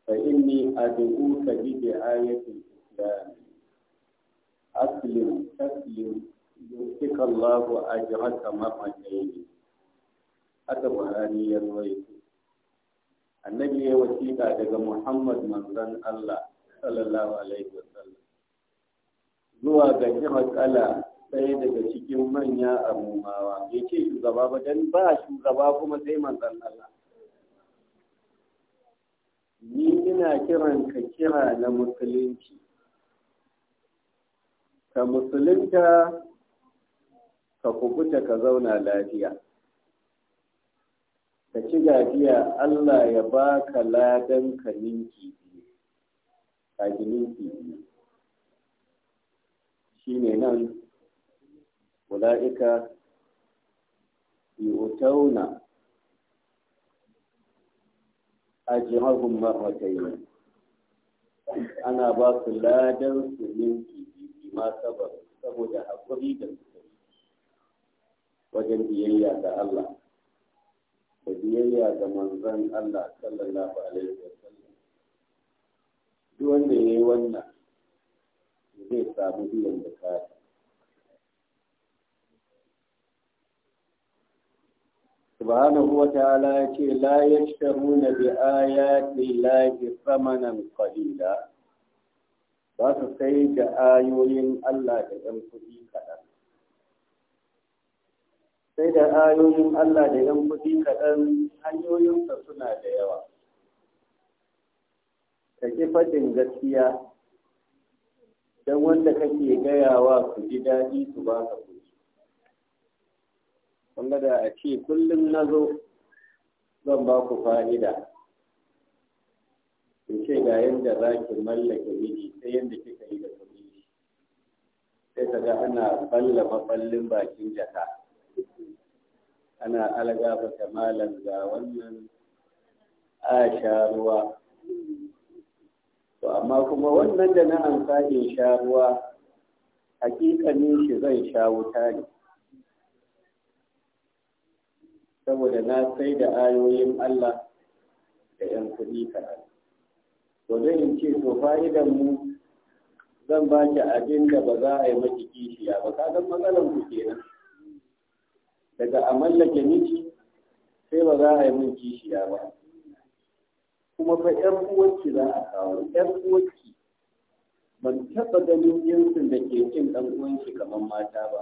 فإني أدعوك بدعاية الإسلام أسلم تسلم يؤتك الله أجرك مرتين haka buhari ya ruwaito annabi ya wasiƙa daga muhammad manzon allah sallallahu alaihi wasallam zuwa ga jihar kala ɗaya daga cikin manya a rumawa ya ce shugaba ba don ba shugaba kuma sai manzan Allah ni ina kiran ka kira na musulunci ka musulunta ka kubuta ka zauna lafiya ka ci gafiya Allah ya ba ka ladan ka ninki ka ninki shi ne nan ulaika yu'tauna ajrahum marratayn ana ba su ladan su ninki ma sabar saboda hakuri da su wajen biyayya ga Allah da biyayya ga manzan Allah sallallahu alaihi wasallam duk wanda yayi wannan zai samu biyan bukata subhanahu wa ta'ala ya ce la yashtaruna bi ayati llahi thamanan qalila ba su sai da ayoyin Allah da ɗan kuɗi kaɗan sai da ayoyin Allah da ɗan kuɗi kaɗan hanyoyinsa suna da yawa ka ƙi faɗin gaskiya don wanda kake wa ku ji daɗi su ba ka kuɗi wanda da a ce kullum na zo zan ba ku fa'ida in ce ga yadda za ki mallake miji sai yadda kika yi da kuɗi sai ka ga ana balla maballin bakin jaka ana algaba ta malam ga wannan a sha ruwa to amma kuma wannan da na amsa in sha ruwa hakikanin shi zan sha wuta ne saboda na sai da ayoyin Allah da ‘yan kuɗi kaɗan. To zai in ce to fa'idan mu zan ba ki abin da ba za a yi maki kishiya ba, ka zan matsalar ku kenan. Daga a mallake miki sai ba za a yi mun kishiya ba. Kuma fa ‘yan uwarki za a kawo, ‘yan uwarki ban taɓa ganin jinsin da ke cin ɗan uwanki kamar mata ba.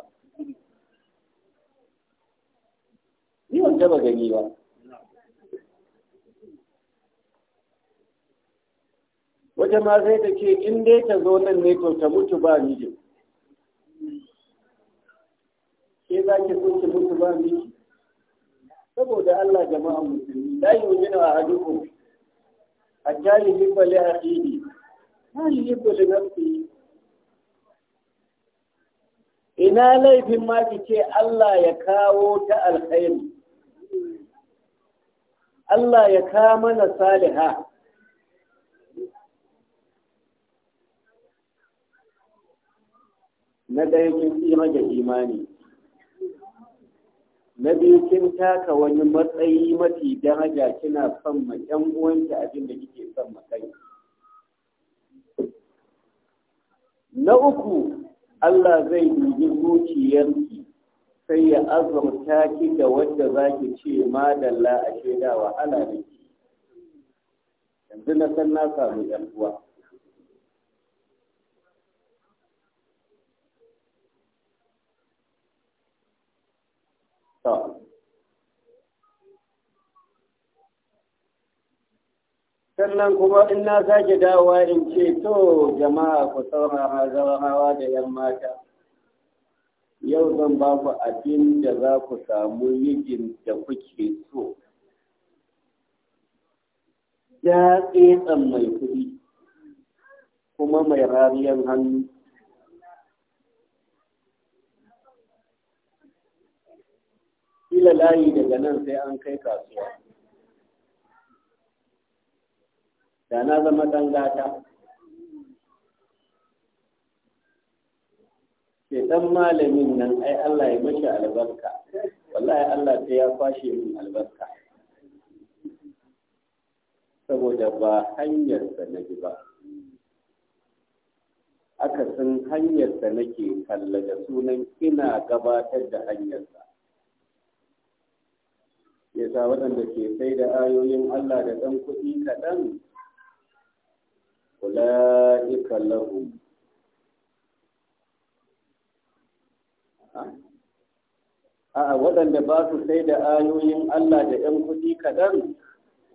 ban taba gani ba wata ma sai ta ce in dai ta zo nan ne to ta mutu ba miji ke za ki so ki mutu ba miji saboda Allah jama'a musulmi la yu'minu ahadukum hatta yuhibba li akhihi la yuhibbu li nafsihi ina laifin ma ki ce Allah ya kawo ta alkhairi Allah ya kama mana saliha na ɗaya kin tsira da imani na biyu kin taka wani matsayi mafi daraja kina son ma 'yan uwanki abin da kike son ma na uku Allah zai dubi zuciyarki sai ya azumta ki da wanda za ki ce madalla a shaida wa ala da ki yanzu na san na samu yan sannan kuma in na sake dawowa in ce to jama'a ku saurara hawa da yan mata yau zan ba ku abin da za ku samu yigin da kuke so ya tsetsan mai kuɗi kuma mai rariyan hannu kila layi daga nan sai an kai kasuwa da na zama dangata sai dan malamin nan ai Allah ya mashi albarka wallahi Allah sai ya kwashe min albarka saboda ba hanyar da na ba aka san hanyar da nake kalla da sunan ina gabatar da hanyar hanyarsa yasa waɗanda ke sai da ayoyin Allah da ɗan kuɗi kaɗan ula'ika lahum a waɗanda ba su sai da ayoyin Allah da ‘yan kuɗi kaɗan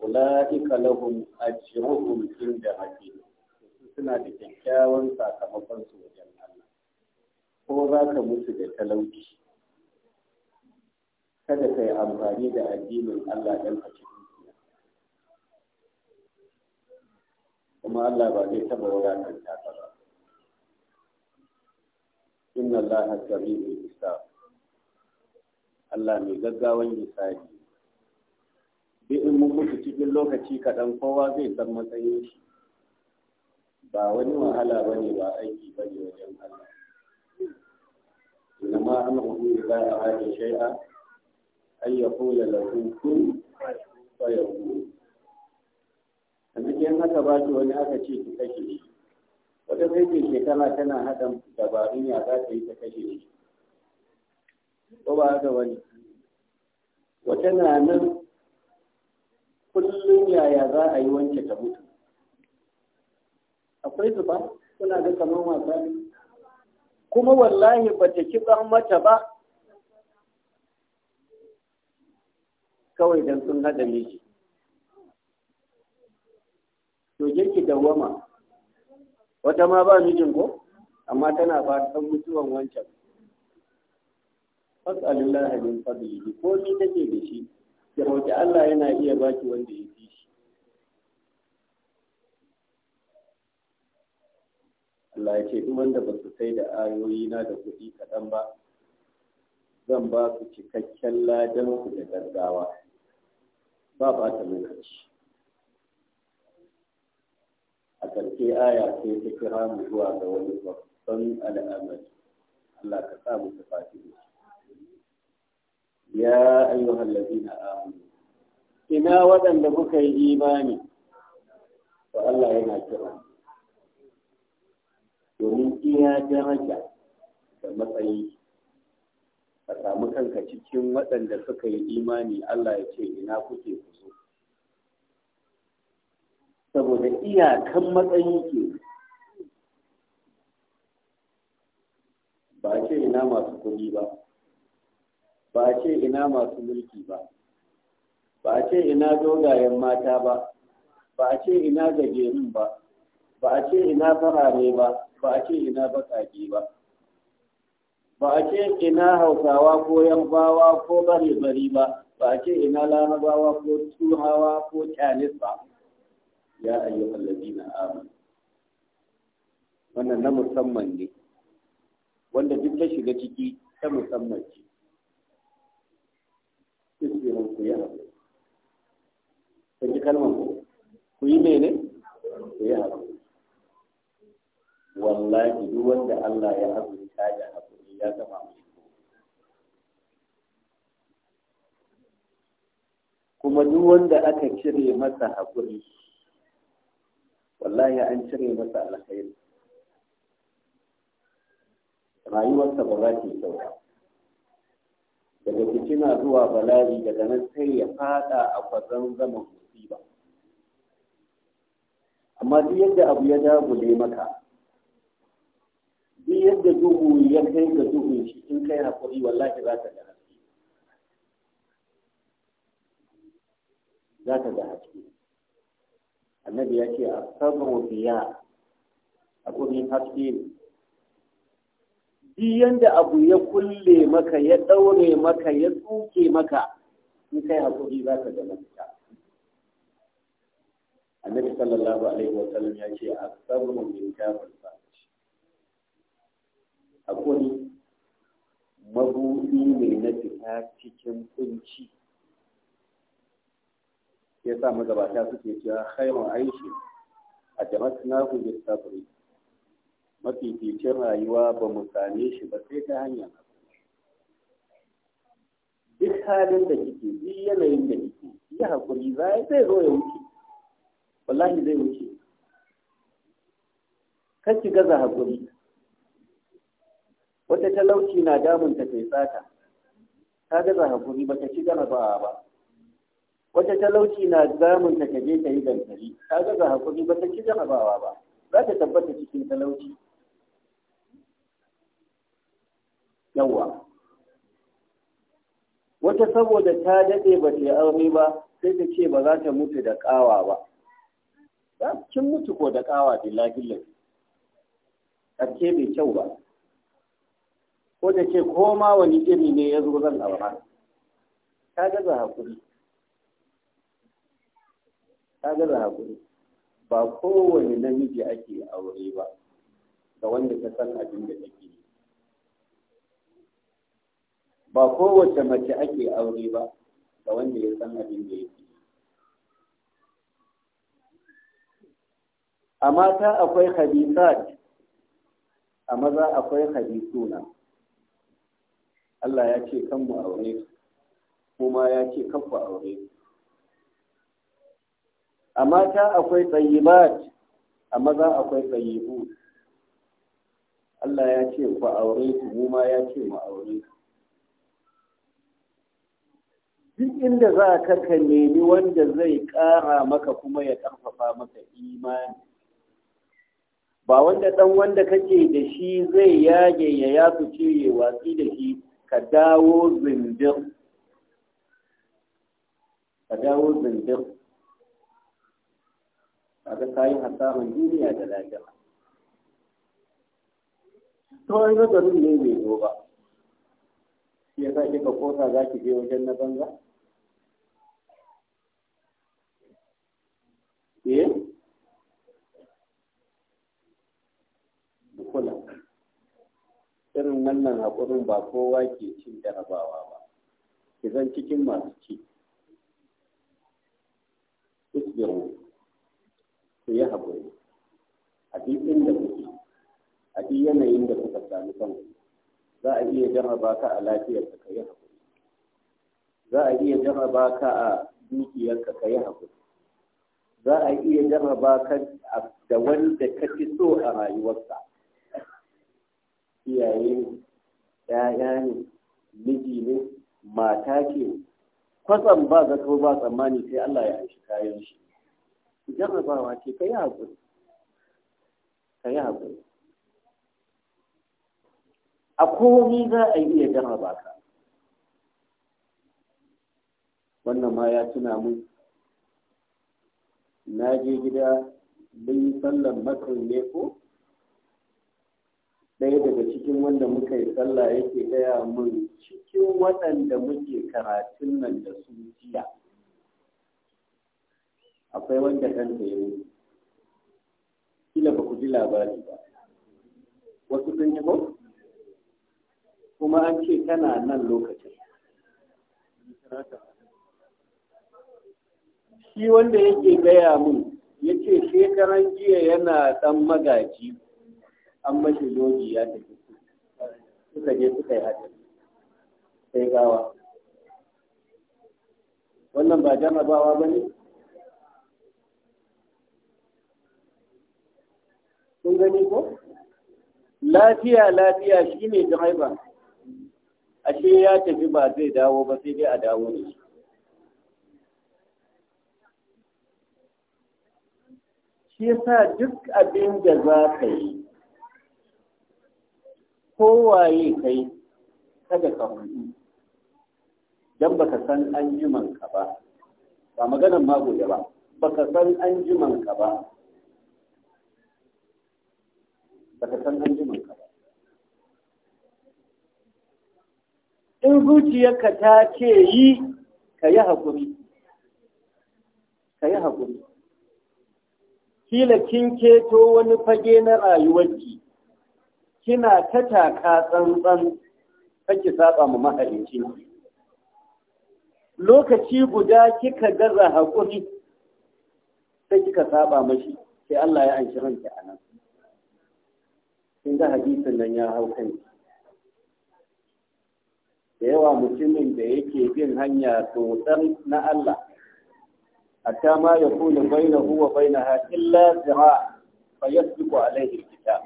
ula'ika lahum ajruhum inda hafi suna da kyakkyawan sakamakon su wajen Allah ko za ka mutu da talauci kada ka yi amfani da addinin Allah don a cikin suna. kuma Allah ba zai taɓa wadatanta ka ba inna Allah sami'un Allah mai gaggawan misali bi in mun mutu cikin lokaci kaɗan kowa zai san matsayin shi ba wani wahala ba ne ba aiki ba ne wajen Allah ma an إنما أمره إذا أراد شيئا أن يقول له كن ya A cikin haka ba shi wani aka ce ki kashe shi, wata zai ce shekara tana haɗa dabarun ya za ta yi ta kashe shi. ko ba haka wani? wata na nan kullum yaya za a yi wanke ta mutu akwai su kuna ga kamar wasa kuma wallahi ba ta kitsan mata ba kawai don sun haɗa miji to je ki dawwama wata ma ba mijin ko amma tana fatan mutuwan wancan fas'alillah min fadlihi ko ni nake da shi ki Allah yana iya baki wanda ya fi shi Allah ya ce in wanda ba su sai da ayoyi na da kuɗi kaɗan ba zan ba su cikakken ladan ku da gaggawa ba ba ta shi. a ƙarshe aya sai ta kira mu zuwa ga wani babban al'amari Allah ka sa mu tafi ya ayyuhal na amanu ina waɗanda kuka yi imani to Allah yana kira domin iya daraja da matsayi ka samu kanka cikin waɗanda suka yi imani Allah ya ce ina kuke kuso saboda iyakan matsayi ke ba ce ina masu kuɗi ba ba a ce ina masu mulki ba ba a ce ina dogayen mata ba ba a ce ina gajerun ba ba a ce ina farare ba ba a ce ina bakaki ba ba a ce ina hausawa ko yambawa ko Bari bari ba ba a ce ina larabawa ko Tuhawa ko canis ba ya ayyukan na amanu wannan na musamman ne wanda duk ta shiga ciki ta musamman ce ku yi haƙuri kun ji kalmar ku ku yi mene ku yi haƙuri wallahi duk wanda Allah ya azurta da haƙuri ya gama mu. kuma duk wanda aka cire masa haƙuri wallahi an cire masa alkhairi rayuwarsa ba za ta yi kyau daga fitina zuwa bala'i daga nan sai ya fada a kwazon zaman musiba amma duk yadda abu ya dagule maka duk yadda duhu ya kai ga duhun shi in kai haƙuri wallahi za ka ga haske za ka ga haske annabi ya ce a sabon biya haƙuri haske ne duk yanda abu ya kulle maka ya ɗaure maka ya tsuke maka in kai hakuri za ka ga mafita annabi sallallahu alaihi wa sallam ya ce a sabru min kafin fahish hakuri mabuɗi ne na fita cikin kunci ya sa magabata suke cewa khairun aishi a jama'at nahu bi sabri mafificin rayuwa ba mu same shi ba sai ta hanyar duk halin da kike duk yanayin da kike yi hakuri za zai zo ya wuce wallahi zai wuce kar ki gaza hakuri wata talauci na damun ta kai sata ta gaza hakuri ba ta ci gana ba ba wata talauci na damun ta kaje ta yi gantari ta gaza hakuri ba ta ci gama ba ba za ta tabbata cikin talauci yawa wata saboda ta daɗe ba ta yi aure ba sai ta ce ba za ta mutu da ƙawa ba Ya kin mutu ko da ƙawa billahi lafi ƙarke bai kyau ba ko da ce ko ma wani iri ne ya zo zan aura ta gaza haƙuri ta gaza haƙuri ba kowane namiji ake aure ba ga wanda ta san abin da take yi ba kowace mace ake aure ba ga wanda ya san abin da yake a mata akwai hadisat a maza akwai hadisuna Allah ya ce kan mu aure kuma ya ce kan ku aure a mata akwai tsayibat a maza akwai tsayibu Allah ya ce ku aure ku kuma ya ce mu aure ku duk inda za ka ka nemi wanda zai ƙara maka kuma ya ƙarfafa maka imani ba wanda ɗan wanda kake da shi zai yage ya yafi ce watsi da shi ka dawo zindir ka dawo zindir ga kayan hasarar duniya da lafiya to ga nazarin ne mai zo ba shi yasa kika kosa za ki je wajen na banza eh kula irin wannan haƙurin ba kowa ke cin jarabawa ba ki zan cikin masu ci isbiru ku yi haƙuri a duk inda kuke a duk yanayin da kuka sami kanku za a iya jarraba ka a lafiyar ka yi haƙuri za a iya jarraba ka a dukiyarka ka yi haƙuri za a iya jarraba ka da wanda ka fi so a rayuwarsa iyaye ne ne miji ne mata ke. kwatsam ba zato ba tsammani sai Allah ya shi kayan shi jarrabawa ce ka yi haƙuri ka yi haƙuri a komi za a iya jarraba ka wannan ma ya tuna mun na je gida bin sallar makar ne ko ɗaya daga cikin wanda muka yi sallah yake gaya mun cikin waɗanda muke karatun nan da su jiya akwai wanda kanta ya yi. kila ba ku ji labari ba wasu sun ji ko kuma an ce tana nan lokacin shi wanda yake gaya mun ya ce shekaran jiya yana ɗan magaji an mashi doji ya tafi suka je suka yi hadari sai gawa wannan ba jarabawa ba ne kun gani ko lafiya lafiya shine jama'a ashe ya tafi ba zai dawo ba sai dai a dawo da shi shi yasa duk abin da za ka yi kowaye kai kada ka hudu don baka san an jimanka ba ba maganan magoya ba baka san an jimanka ba baka san an jimanka ba in zuciyarka ta ce yi ka yi haƙuri ka yi haƙuri kila kin keto wani fage na rayuwarki kina ta taka tsantsan kake saba mu mahalicinki lokaci guda kika gaza haƙuri sai kika saba mashi sai Allah ya anshi ranki a nan ga hadisin nan ya hau kai. da yawa mutumin da yake bin hanya tsotsar na Allah hatta ma ya kuna bainahu wa bainaha illa zira fa yasbiqu alaihi alkitab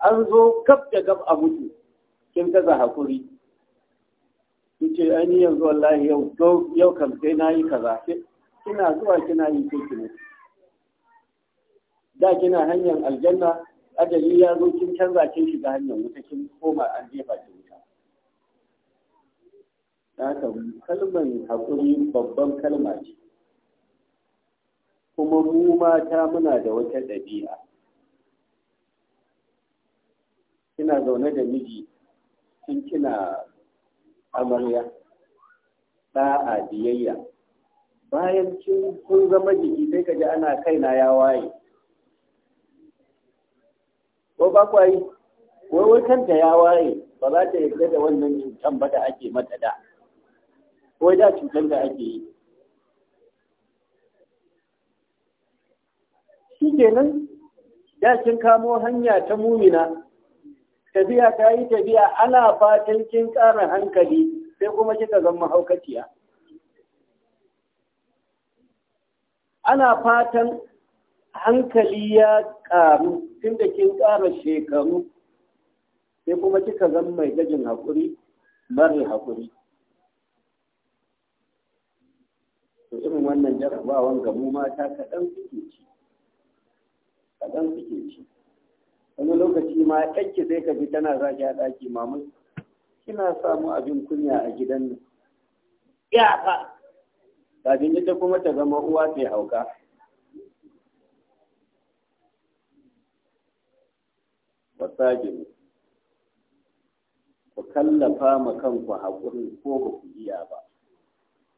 an zo kaf gab a mutu kin kaza hakuri yace ai ni yanzu wallahi yau yau kam sai nayi kaza kina zuwa kina yi kike ne da kina hanyar aljanna ajali ya zo kin canza kin shiga hanyar wuta kin koma an jefa kin haka kalman haƙuri babban kalma ce kuma mu mata muna da wata ɗabi'a kina zaune da miji tun kina amarya ɗa'a biyayya bayan kin kun zama jiki sai ka ji ana kaina ya waye ko ba kwayi wai kanta ya waye ba za ta yarda da wannan cutan ba da ake mata da ko da cutar da ake yi shi kenan da kin kamo hanya ta mumina tafiya ta yi tafiya ana fatan kin ƙara hankali sai kuma kika zama mahaukaciya ana fatan hankali ya ƙaru tun da kin ƙara shekaru sai kuma kika zama mai gajin haƙuri mara haƙuri jarabawan ga mu mata kaɗan suke ci kaɗan suke ci wani lokaci ma ƙyakki sai ka bi tana za ki ɗaki mamu kina samu abin kunya a gidan nan ya fa kafin ita kuma ta zama uwa ta hauka wasajin ku kallafa ma kanku haƙuri ko ba ku ba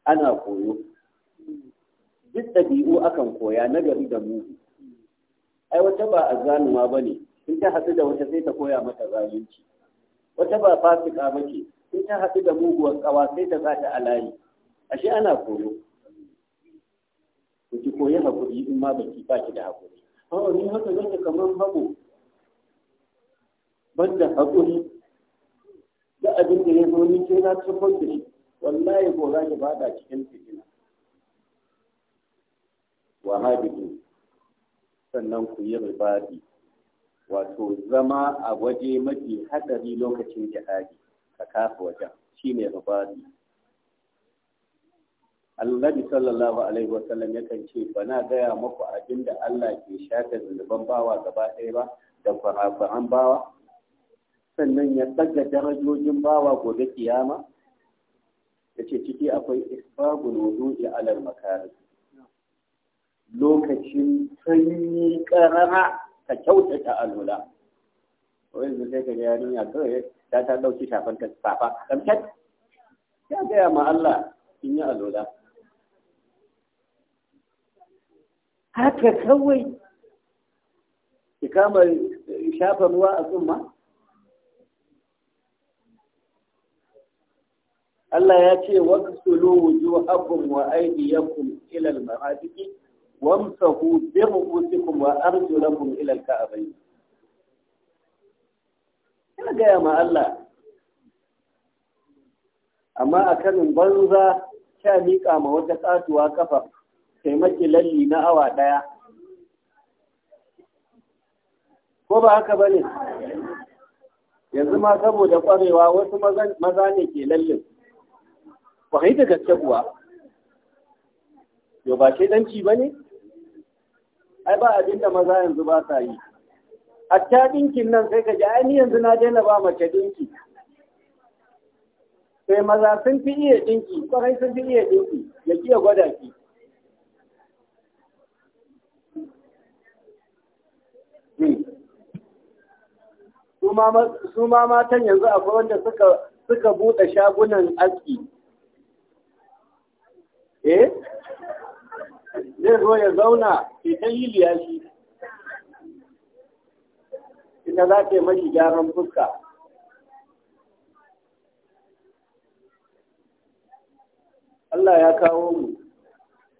ana koyo duk ɗabi'u akan koya na gari da mu ai wata ba a zanuwa ba ne in ta haɗu da wata sai ta koya mata zalunci wata ba fasika ba ce in ta haɗu da muguwar ƙawa sai ta zata a layi ashe ana koyo ki koyi haƙuri in ma baki ba ki da haƙuri a'a ni haka nake kamar hago banda haƙuri da abin da ya zo ni sai na tabbatar da shi wallahi ko za ki bada cikin fitina wa rabitu sannan ku yi ribadi wato zama a waje mafi hadari lokacin jihadi ka kafa wajen shine ribadi Allah sallallahu alaihi wasallam yakan ce ba na gaya muku abinda Allah ke shafe zunuban bawa gaba ɗaya ba da farafaran bawa sannan ya tsaga darajojin bawa gobe kiyama yace ciki akwai isbagul wudu'i alal makarih lokacin sanyi karara ka kyautata alula wai da sai ka ga yarinya kawai ta ta dauki shafan ta safa kamshat ya gaya ma Allah in yi alula haka kawai ki kama shafa ruwa a tsumma Allah ya ce wa sulu wujuhakum wa aydiyakum ila al-marafiqi wamsahu bi ru'usikum wa arjulakum ila al-ka'bayn ina gaya ma Allah amma a kanin banza sha miƙa ma wata katuwa kafa taimaki lalli na awa ɗaya ko ba haka ba ne yanzu ma saboda ƙwarewa wasu maza ne ke lallin ba kai da gaske kuwa yau ba shaidanci ba ne ai ba abin da maza yanzu ba sa yi ta ɗinkin nan sai ka ji ai ni yanzu na na ba mace ɗinki sai maza sun fi iya ɗinki kwarai sun fi iya ɗinki ya iya gwada ki hmm. su ma matan yanzu akwai wanda suka suka buɗe shagunan aski eh zai zo ya zauna ke ta yi liyashi ita za ta yi mashi gyaran fuska Allah ya kawo mu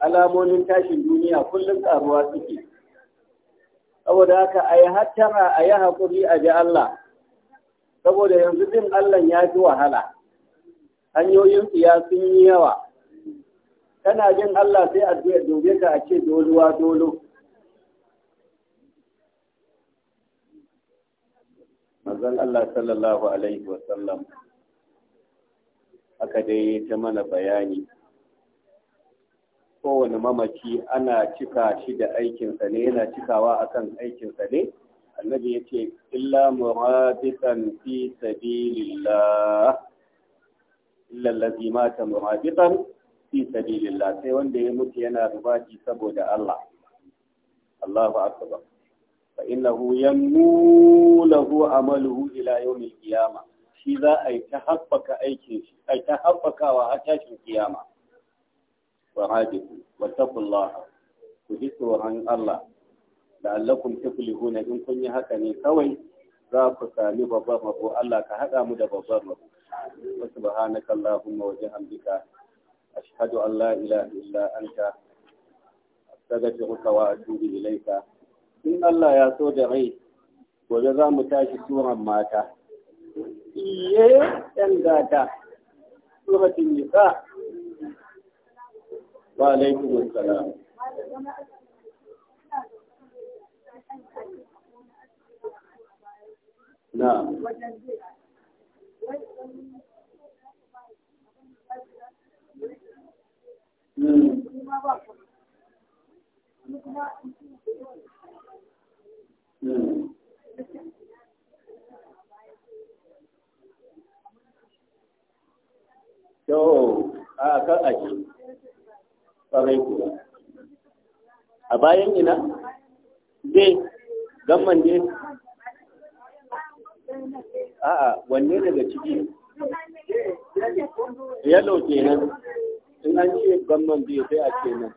alamomin tashin duniya kullum karuwa suke saboda haka a yi hattara a yi haƙuri a ji Allah saboda yanzu jin Allah ya fi wahala hanyoyin siya sun yi yawa kana jin Allah sai addu'a dobe ka a ce doluwa dolo mazan Allah sallallahu alaihi wa sallam aka dai ta mana bayani kowane mamaki ana cika shi da aikinsa ne yana cikawa akan aikinsa ne annabi ya ce illa murabitan fi sabilillah illa allazi mata murabitan fi sabilillah sai wanda ya mutu yana rubaci saboda Allah Allahu akbar fa innahu yamnu amaluhu ila yawmil qiyamah shi za a yi ta haɓaka aikin shi a ta haɓakawa a tashin kiyama wa hadithu wa taqullaha ku ji tsoron Allah allakum tuflihuna in kun yi haka ne kawai za ku sami babbar mako Allah ka haɗa mu da babbar mako wa subhanaka allahumma wa bihamdika أشهد أن لا إله إلا أنت أستغفرك وأتوب إليك إن الله يا سوجري وجزا متاشي سورا ماتا إيه أنت سورة النساء وعليكم السلام نعم Yau, a kan ake, ƙarai kuwa. A bayan ina? Zai, gamman ne? A'a, wanne daga ciki? Yalo kenan. in an yi gamman biyu sai a ce nan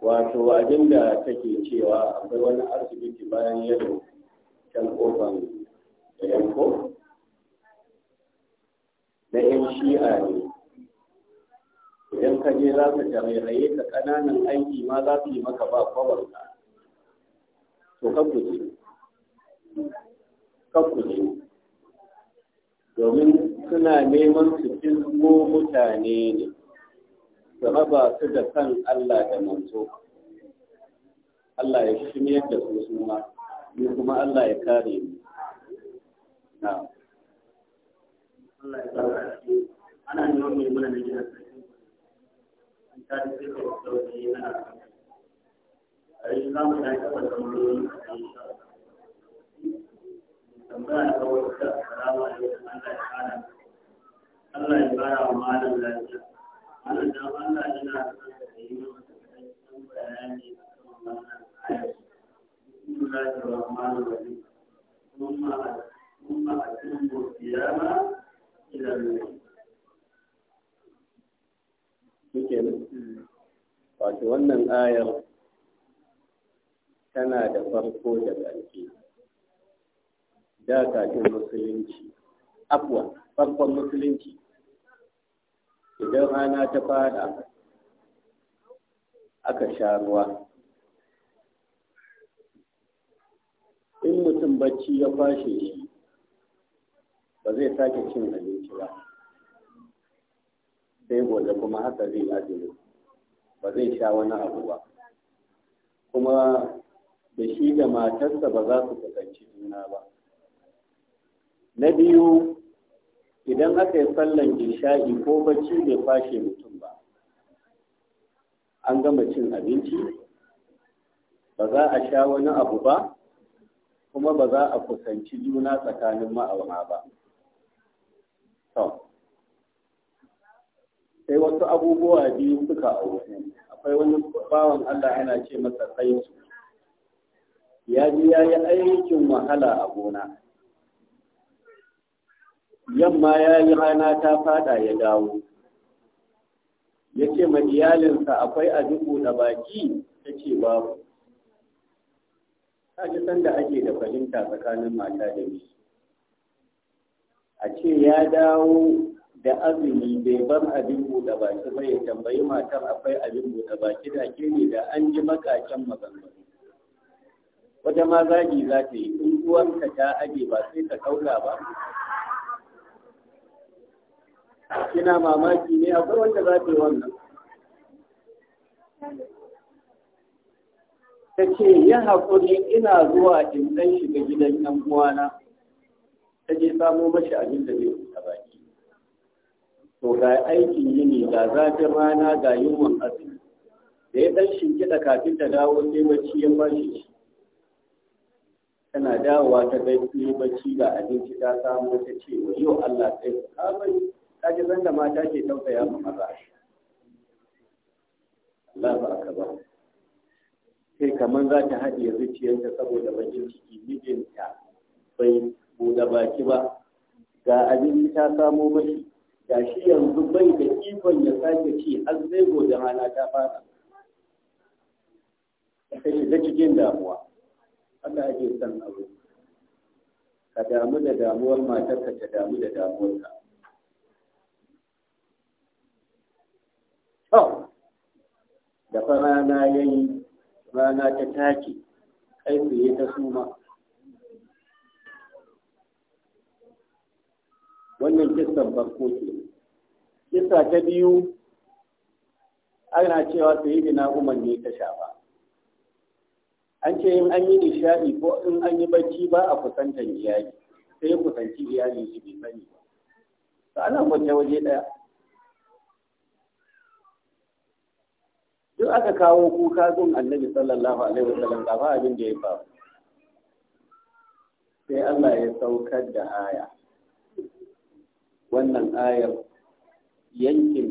wato abinda take cewa akwai wani asibiti bayan yadda can kofan da yanko na yan shi'a ne idan ka je za ka jarairaye ka ƙananan aiki ma za su yi maka ba ka to ka guje ka guje domin suna neman su ko mutane ne su raba su da kan Allah da manzo Allah ya shiryar da su ma ni kuma Allah ya kare ni. na Allah ya kare ana neman mai muna na gidan ta da na ya ya yana bayani Wato wannan ayar tana da farko da ƙarfi. Da musulunci, abuwa farkon musulunci, idan ana ta fada aka sha ruwa. In mutum bacci ya kwashe shi, ba zai sake cin abinci ba. sai gobe kuma haka zai ajiye ba zai sha wani abu ba kuma da shi da matarsa ba za su kusanci juna ba na biyu idan aka yi sallan isha'i ko bacci bai kwashe mutum ba an gama cin abinci ba za a sha wani abu ba kuma ba za a kusanci juna tsakanin ma'auna ba. sai wasu abubuwa biyu suka auku akwai wani bawan Allah ana ce masa kaisu ya ji ya yi aikin wahala a gona yamma ya yi rana ta fada ya dawo ya ce iyalinsa akwai adubu da baki ta ce babu ta ji sanda ake da fahimta tsakanin mata da miji a ce ya dawo da azumi bai bar abin buɗe baki ba ya tambayi matar akwai abin buɗe baki da ke ne da an ji bakaken maganganu wata ma zagi za ta yi in uwanka ta aje ba sai ta kauka ba kina mamaki ne akwai wanda za ta yi wannan ta ce ya haƙuri ina zuwa in ɗan shiga gidan ɗan uwana ta je samo mashi abin da zai to ga aikin yini ga zafin rana ga yunwan azumi da ya ɗan kiɗa kafin ta dawo sai bacci ya bashi shi tana dawowa ta gaske bacci ga abinci ta samu ta ce wa yau Allah sai ka kamar ta ji zanda mata ke ya ma maza Allah ba ka ba sai kamar za ta haɗe zuciyarta saboda bakin ciki mijinta bai buɗe baki ba ga abinci ta samo mashi ga shi yanzu bai da ikon ya sake ci har sai gobe rana ta fara ka shiga cikin damuwa Allah ake son abu ka damu da damuwar ka ta damu da damuwarka to da fa rana yayi rana ta take kai tsaye ta suma wannan kistan farko ce kista ta biyu ana cewa sayyidina umar ne ta shafa an ce in an yi nishaɗi ko in an yi bacci ba a kusantar iyali sai ya kusanci iyali shi bai sani ba ta ana kwance waje ɗaya duk aka kawo kuka gun annabi sallallahu alaihi wasallam ga ba abin da ya faru sai Allah ya saukar da aya wannan ayar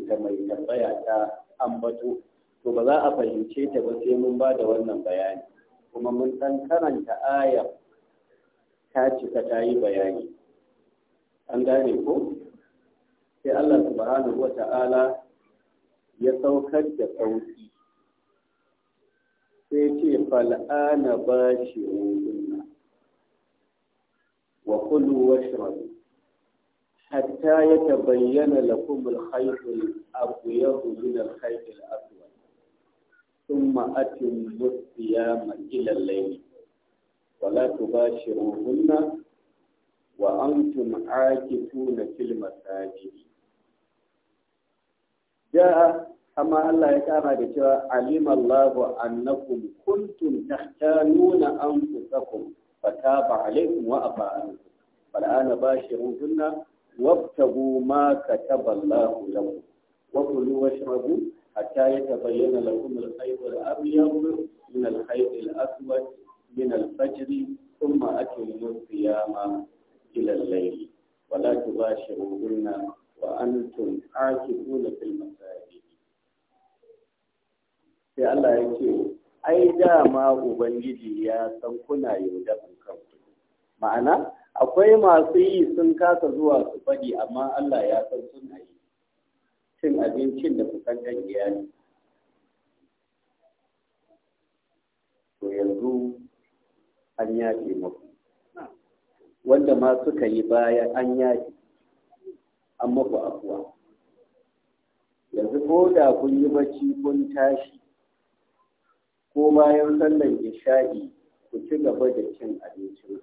ta mai tambaya ta ambato to ba za a fahimce ta ba sai mun ba da wannan bayani kuma mun san karanta ayar ta cika ta yi bayani an gane ko sai Allah subhanahu wa ya saukar da sauki sai ce fal'ana ba shi wa kulu wa shirabu hatta ya tabayyana lakum al-khayt al-abyad min al-khayt al-aswad thumma atimmu siyama ila al-layl wa la tubashiruhunna wa antum aakifuna fil masajid ja'a amma Allah ya kara da cewa alima Allahu annakum kuntum tahtanuna anfusakum fataba alaykum wa afa fal'ana bashiruhunna wabtagu ma kataba Allahu lakum wa kulu washrabu hatta yatabayyana lakum al-khayru al-abyad min al-khayri al-aswad min al-fajri thumma atimmu siyama ila al-layl wa la tubashiruhunna wa antum aakifuna fil masajid sai Allah yake ai da ma ubangiji ya san kuna yaudar kanku ma'ana akwai masu yi sun kasa zuwa su faɗi amma Allah ya san suna yi cin abincin da kusantar iyali to yanzu an yafe maku wanda ma suka yi baya an yafe an maku afuwa yanzu ko da kun yi bacci kun tashi ko bayan sallar isha'i ku ci gaba da cin abincin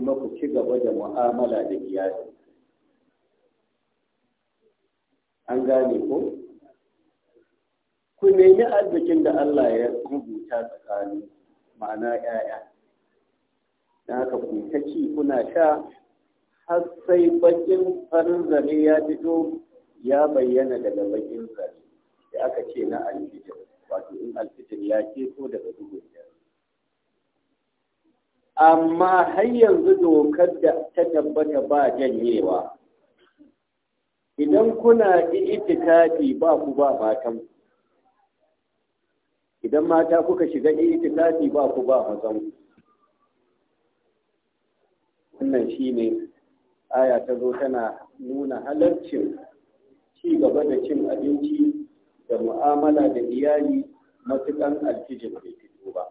kuma ku ci gaba da mu'amala da iyali an gane ko ku nemi arzikin da Allah ya rubuta tsakanin ma'ana 'ya'ya da haka ku ta ci kuna sha har sai bakin farin zare ya fito ya bayyana daga bakin zare da aka ce na alfitir wato in alfitir ya keto daga duhun dare amma har yanzu dokar da ta tabbata ba janyewa idan kuna itikafi ba ku ba matan idan mata kuka shiga itikafi ba ku ba mazan wannan shi ne aya ta zo tana nuna halarcin ci gaba da cin abinci da mu'amala da iyali matukan alfijin bai fito ba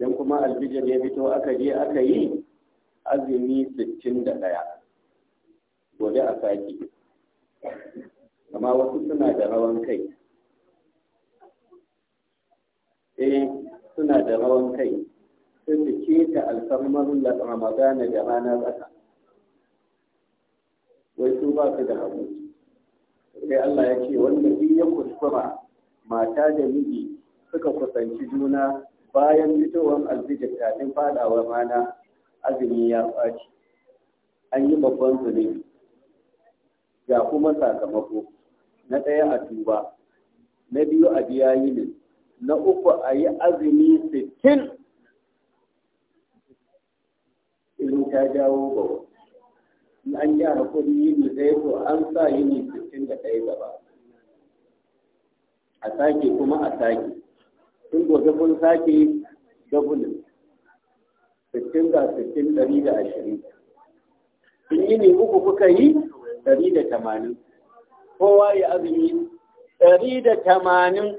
idan kuma alfijir ya fito aka je aka yi azumi 61 da ɗaya gobe a sake amma wasu suna da rawan kai eh suna da rawan kai sai su keta alfarmar ramadana da ranar ƙasa wai su ba su da hagu sai Allah ya ce wanda duk ya kuskura mata da miji suka kusanci juna bayan fitowar alfijir kafin fadawa mana azumi ya ɓaci an yi babban zunubi ga kuma sakamako na ɗaya a tuba na biyu a biya yini. na uku a yi azumi sittin Irin ta jawo ba in an yi hakuri yini ɗaya ko an sa yini sittin da ɗaya gaba a sake kuma a sake Sun gobe kun sake dabulin cikin ga cikin ɗari da ashirin in yi ne uku kuka yi dari da tamanin kowa ya azumi dari da tamanin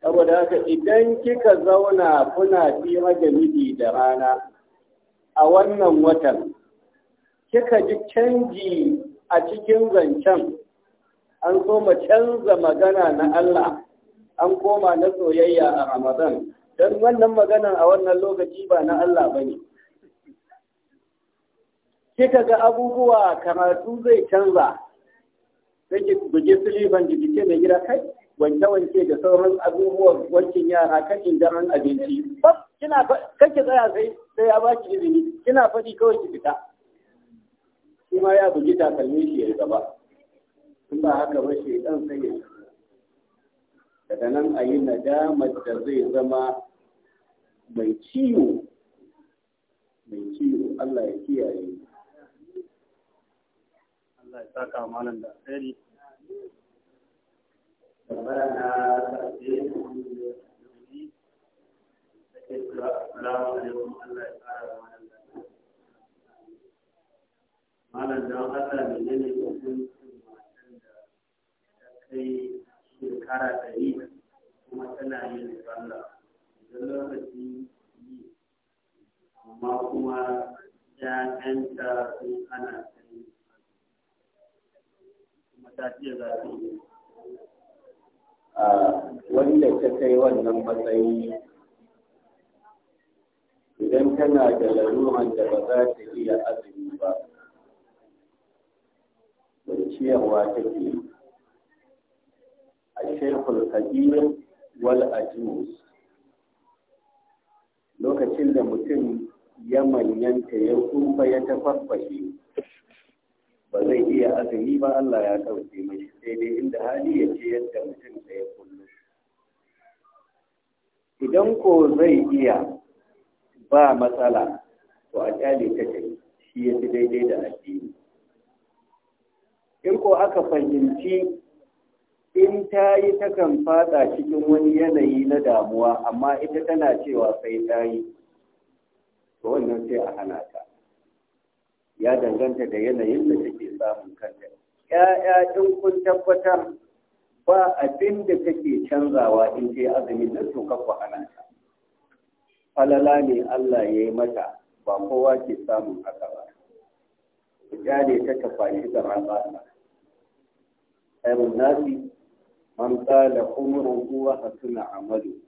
saboda haka idan kika zauna kuna fi da da rana a wannan watan kika ji canji a cikin zancen an koma canza magana na Allah an koma na soyayya a Ramadan don wannan magana a wannan lokaci ba na Allah ba ne. Kika ga abubuwa karatu zai canza, sai ki bugi silifan ke mai gida kai, wanke-wanke da sauran abubuwan wankin yara kan daren abinci. Kina kake tsaya sai sai ya baki izini, kina faɗi kawai ki fita. Shi ma ya bugi takalmin shi ya gaba. in ba haka ba shaidan sai ya daga nan a yi nadamar da zai zama mai ciwo mai ciwo Allah ya kiyaye Allah ya saka malam da alheri Malam don Allah ne ne sai shekara ɗari kuma tana yin tsalla idan lokaci yi amma kuma ‘ya'yanta sun ana sai kuma ta ce za ta yi wanda ta kai wannan matsayi idan tana da laruran da ba za ta iya azumi ba kwanciyarwa take الشيخ القديم والأجوز lokacin da mutum ya manyanta ya tsufa ya tafarfashe ba zai iya azumi ba Allah ya kauce mashi sai dai inda hali ya ce yadda mutum ya kullum idan ko zai iya ba matsala to a kyale ta shi ya fi daidai da addini in ko aka fahimci in ta yi takan fada cikin wani yanayi na damuwa amma ita tana cewa sai ta yi wannan sai a hana ta ya danganta da yanayin da take samun kanta ya'ya in kun tabbatar ba abin da take canzawa in sai azumin nan to kafa hana ta falala ne Allah ya yi mata ba kowa ke samun haka ba ku jare ta tafashi da rantsa ta nasi man da umruhu wa hasuna amalu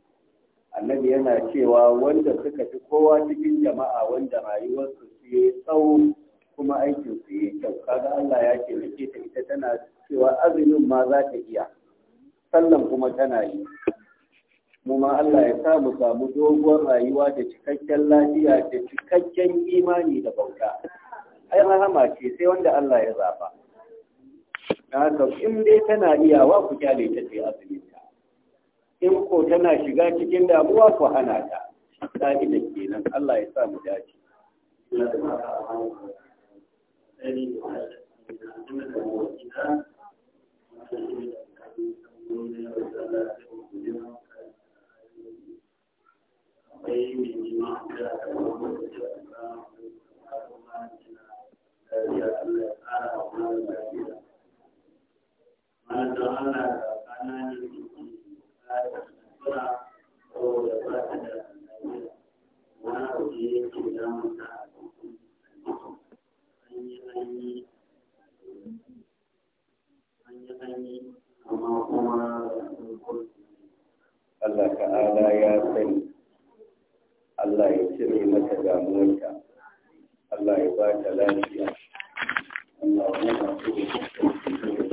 annabi yana cewa wanda suka fi kowa cikin jama'a wanda rayuwar su yi tsawo kuma aikin su yi kyau kaga Allah ya ce ta ita tana cewa azumin ma za ta iya sallan kuma tana yi mu ma Allah ya sa mu samu doguwar rayuwa da cikakken lafiya da cikakken imani da bauta ai rahama ce sai wanda Allah ya zafa. haka in dai tana iyawa ku kyale ta sai asibita in ko tana shiga cikin damuwa ku hana ta ka'ida kenan Allah ya sa mu dace Thank you. mana don Allah da kana ne da saboda ba da damun a yi yi kuma Allah ta'ala ya sani Allah ya cire mata damuwarta Allah ya ba ta lafiya Allah ya ba ta lafiya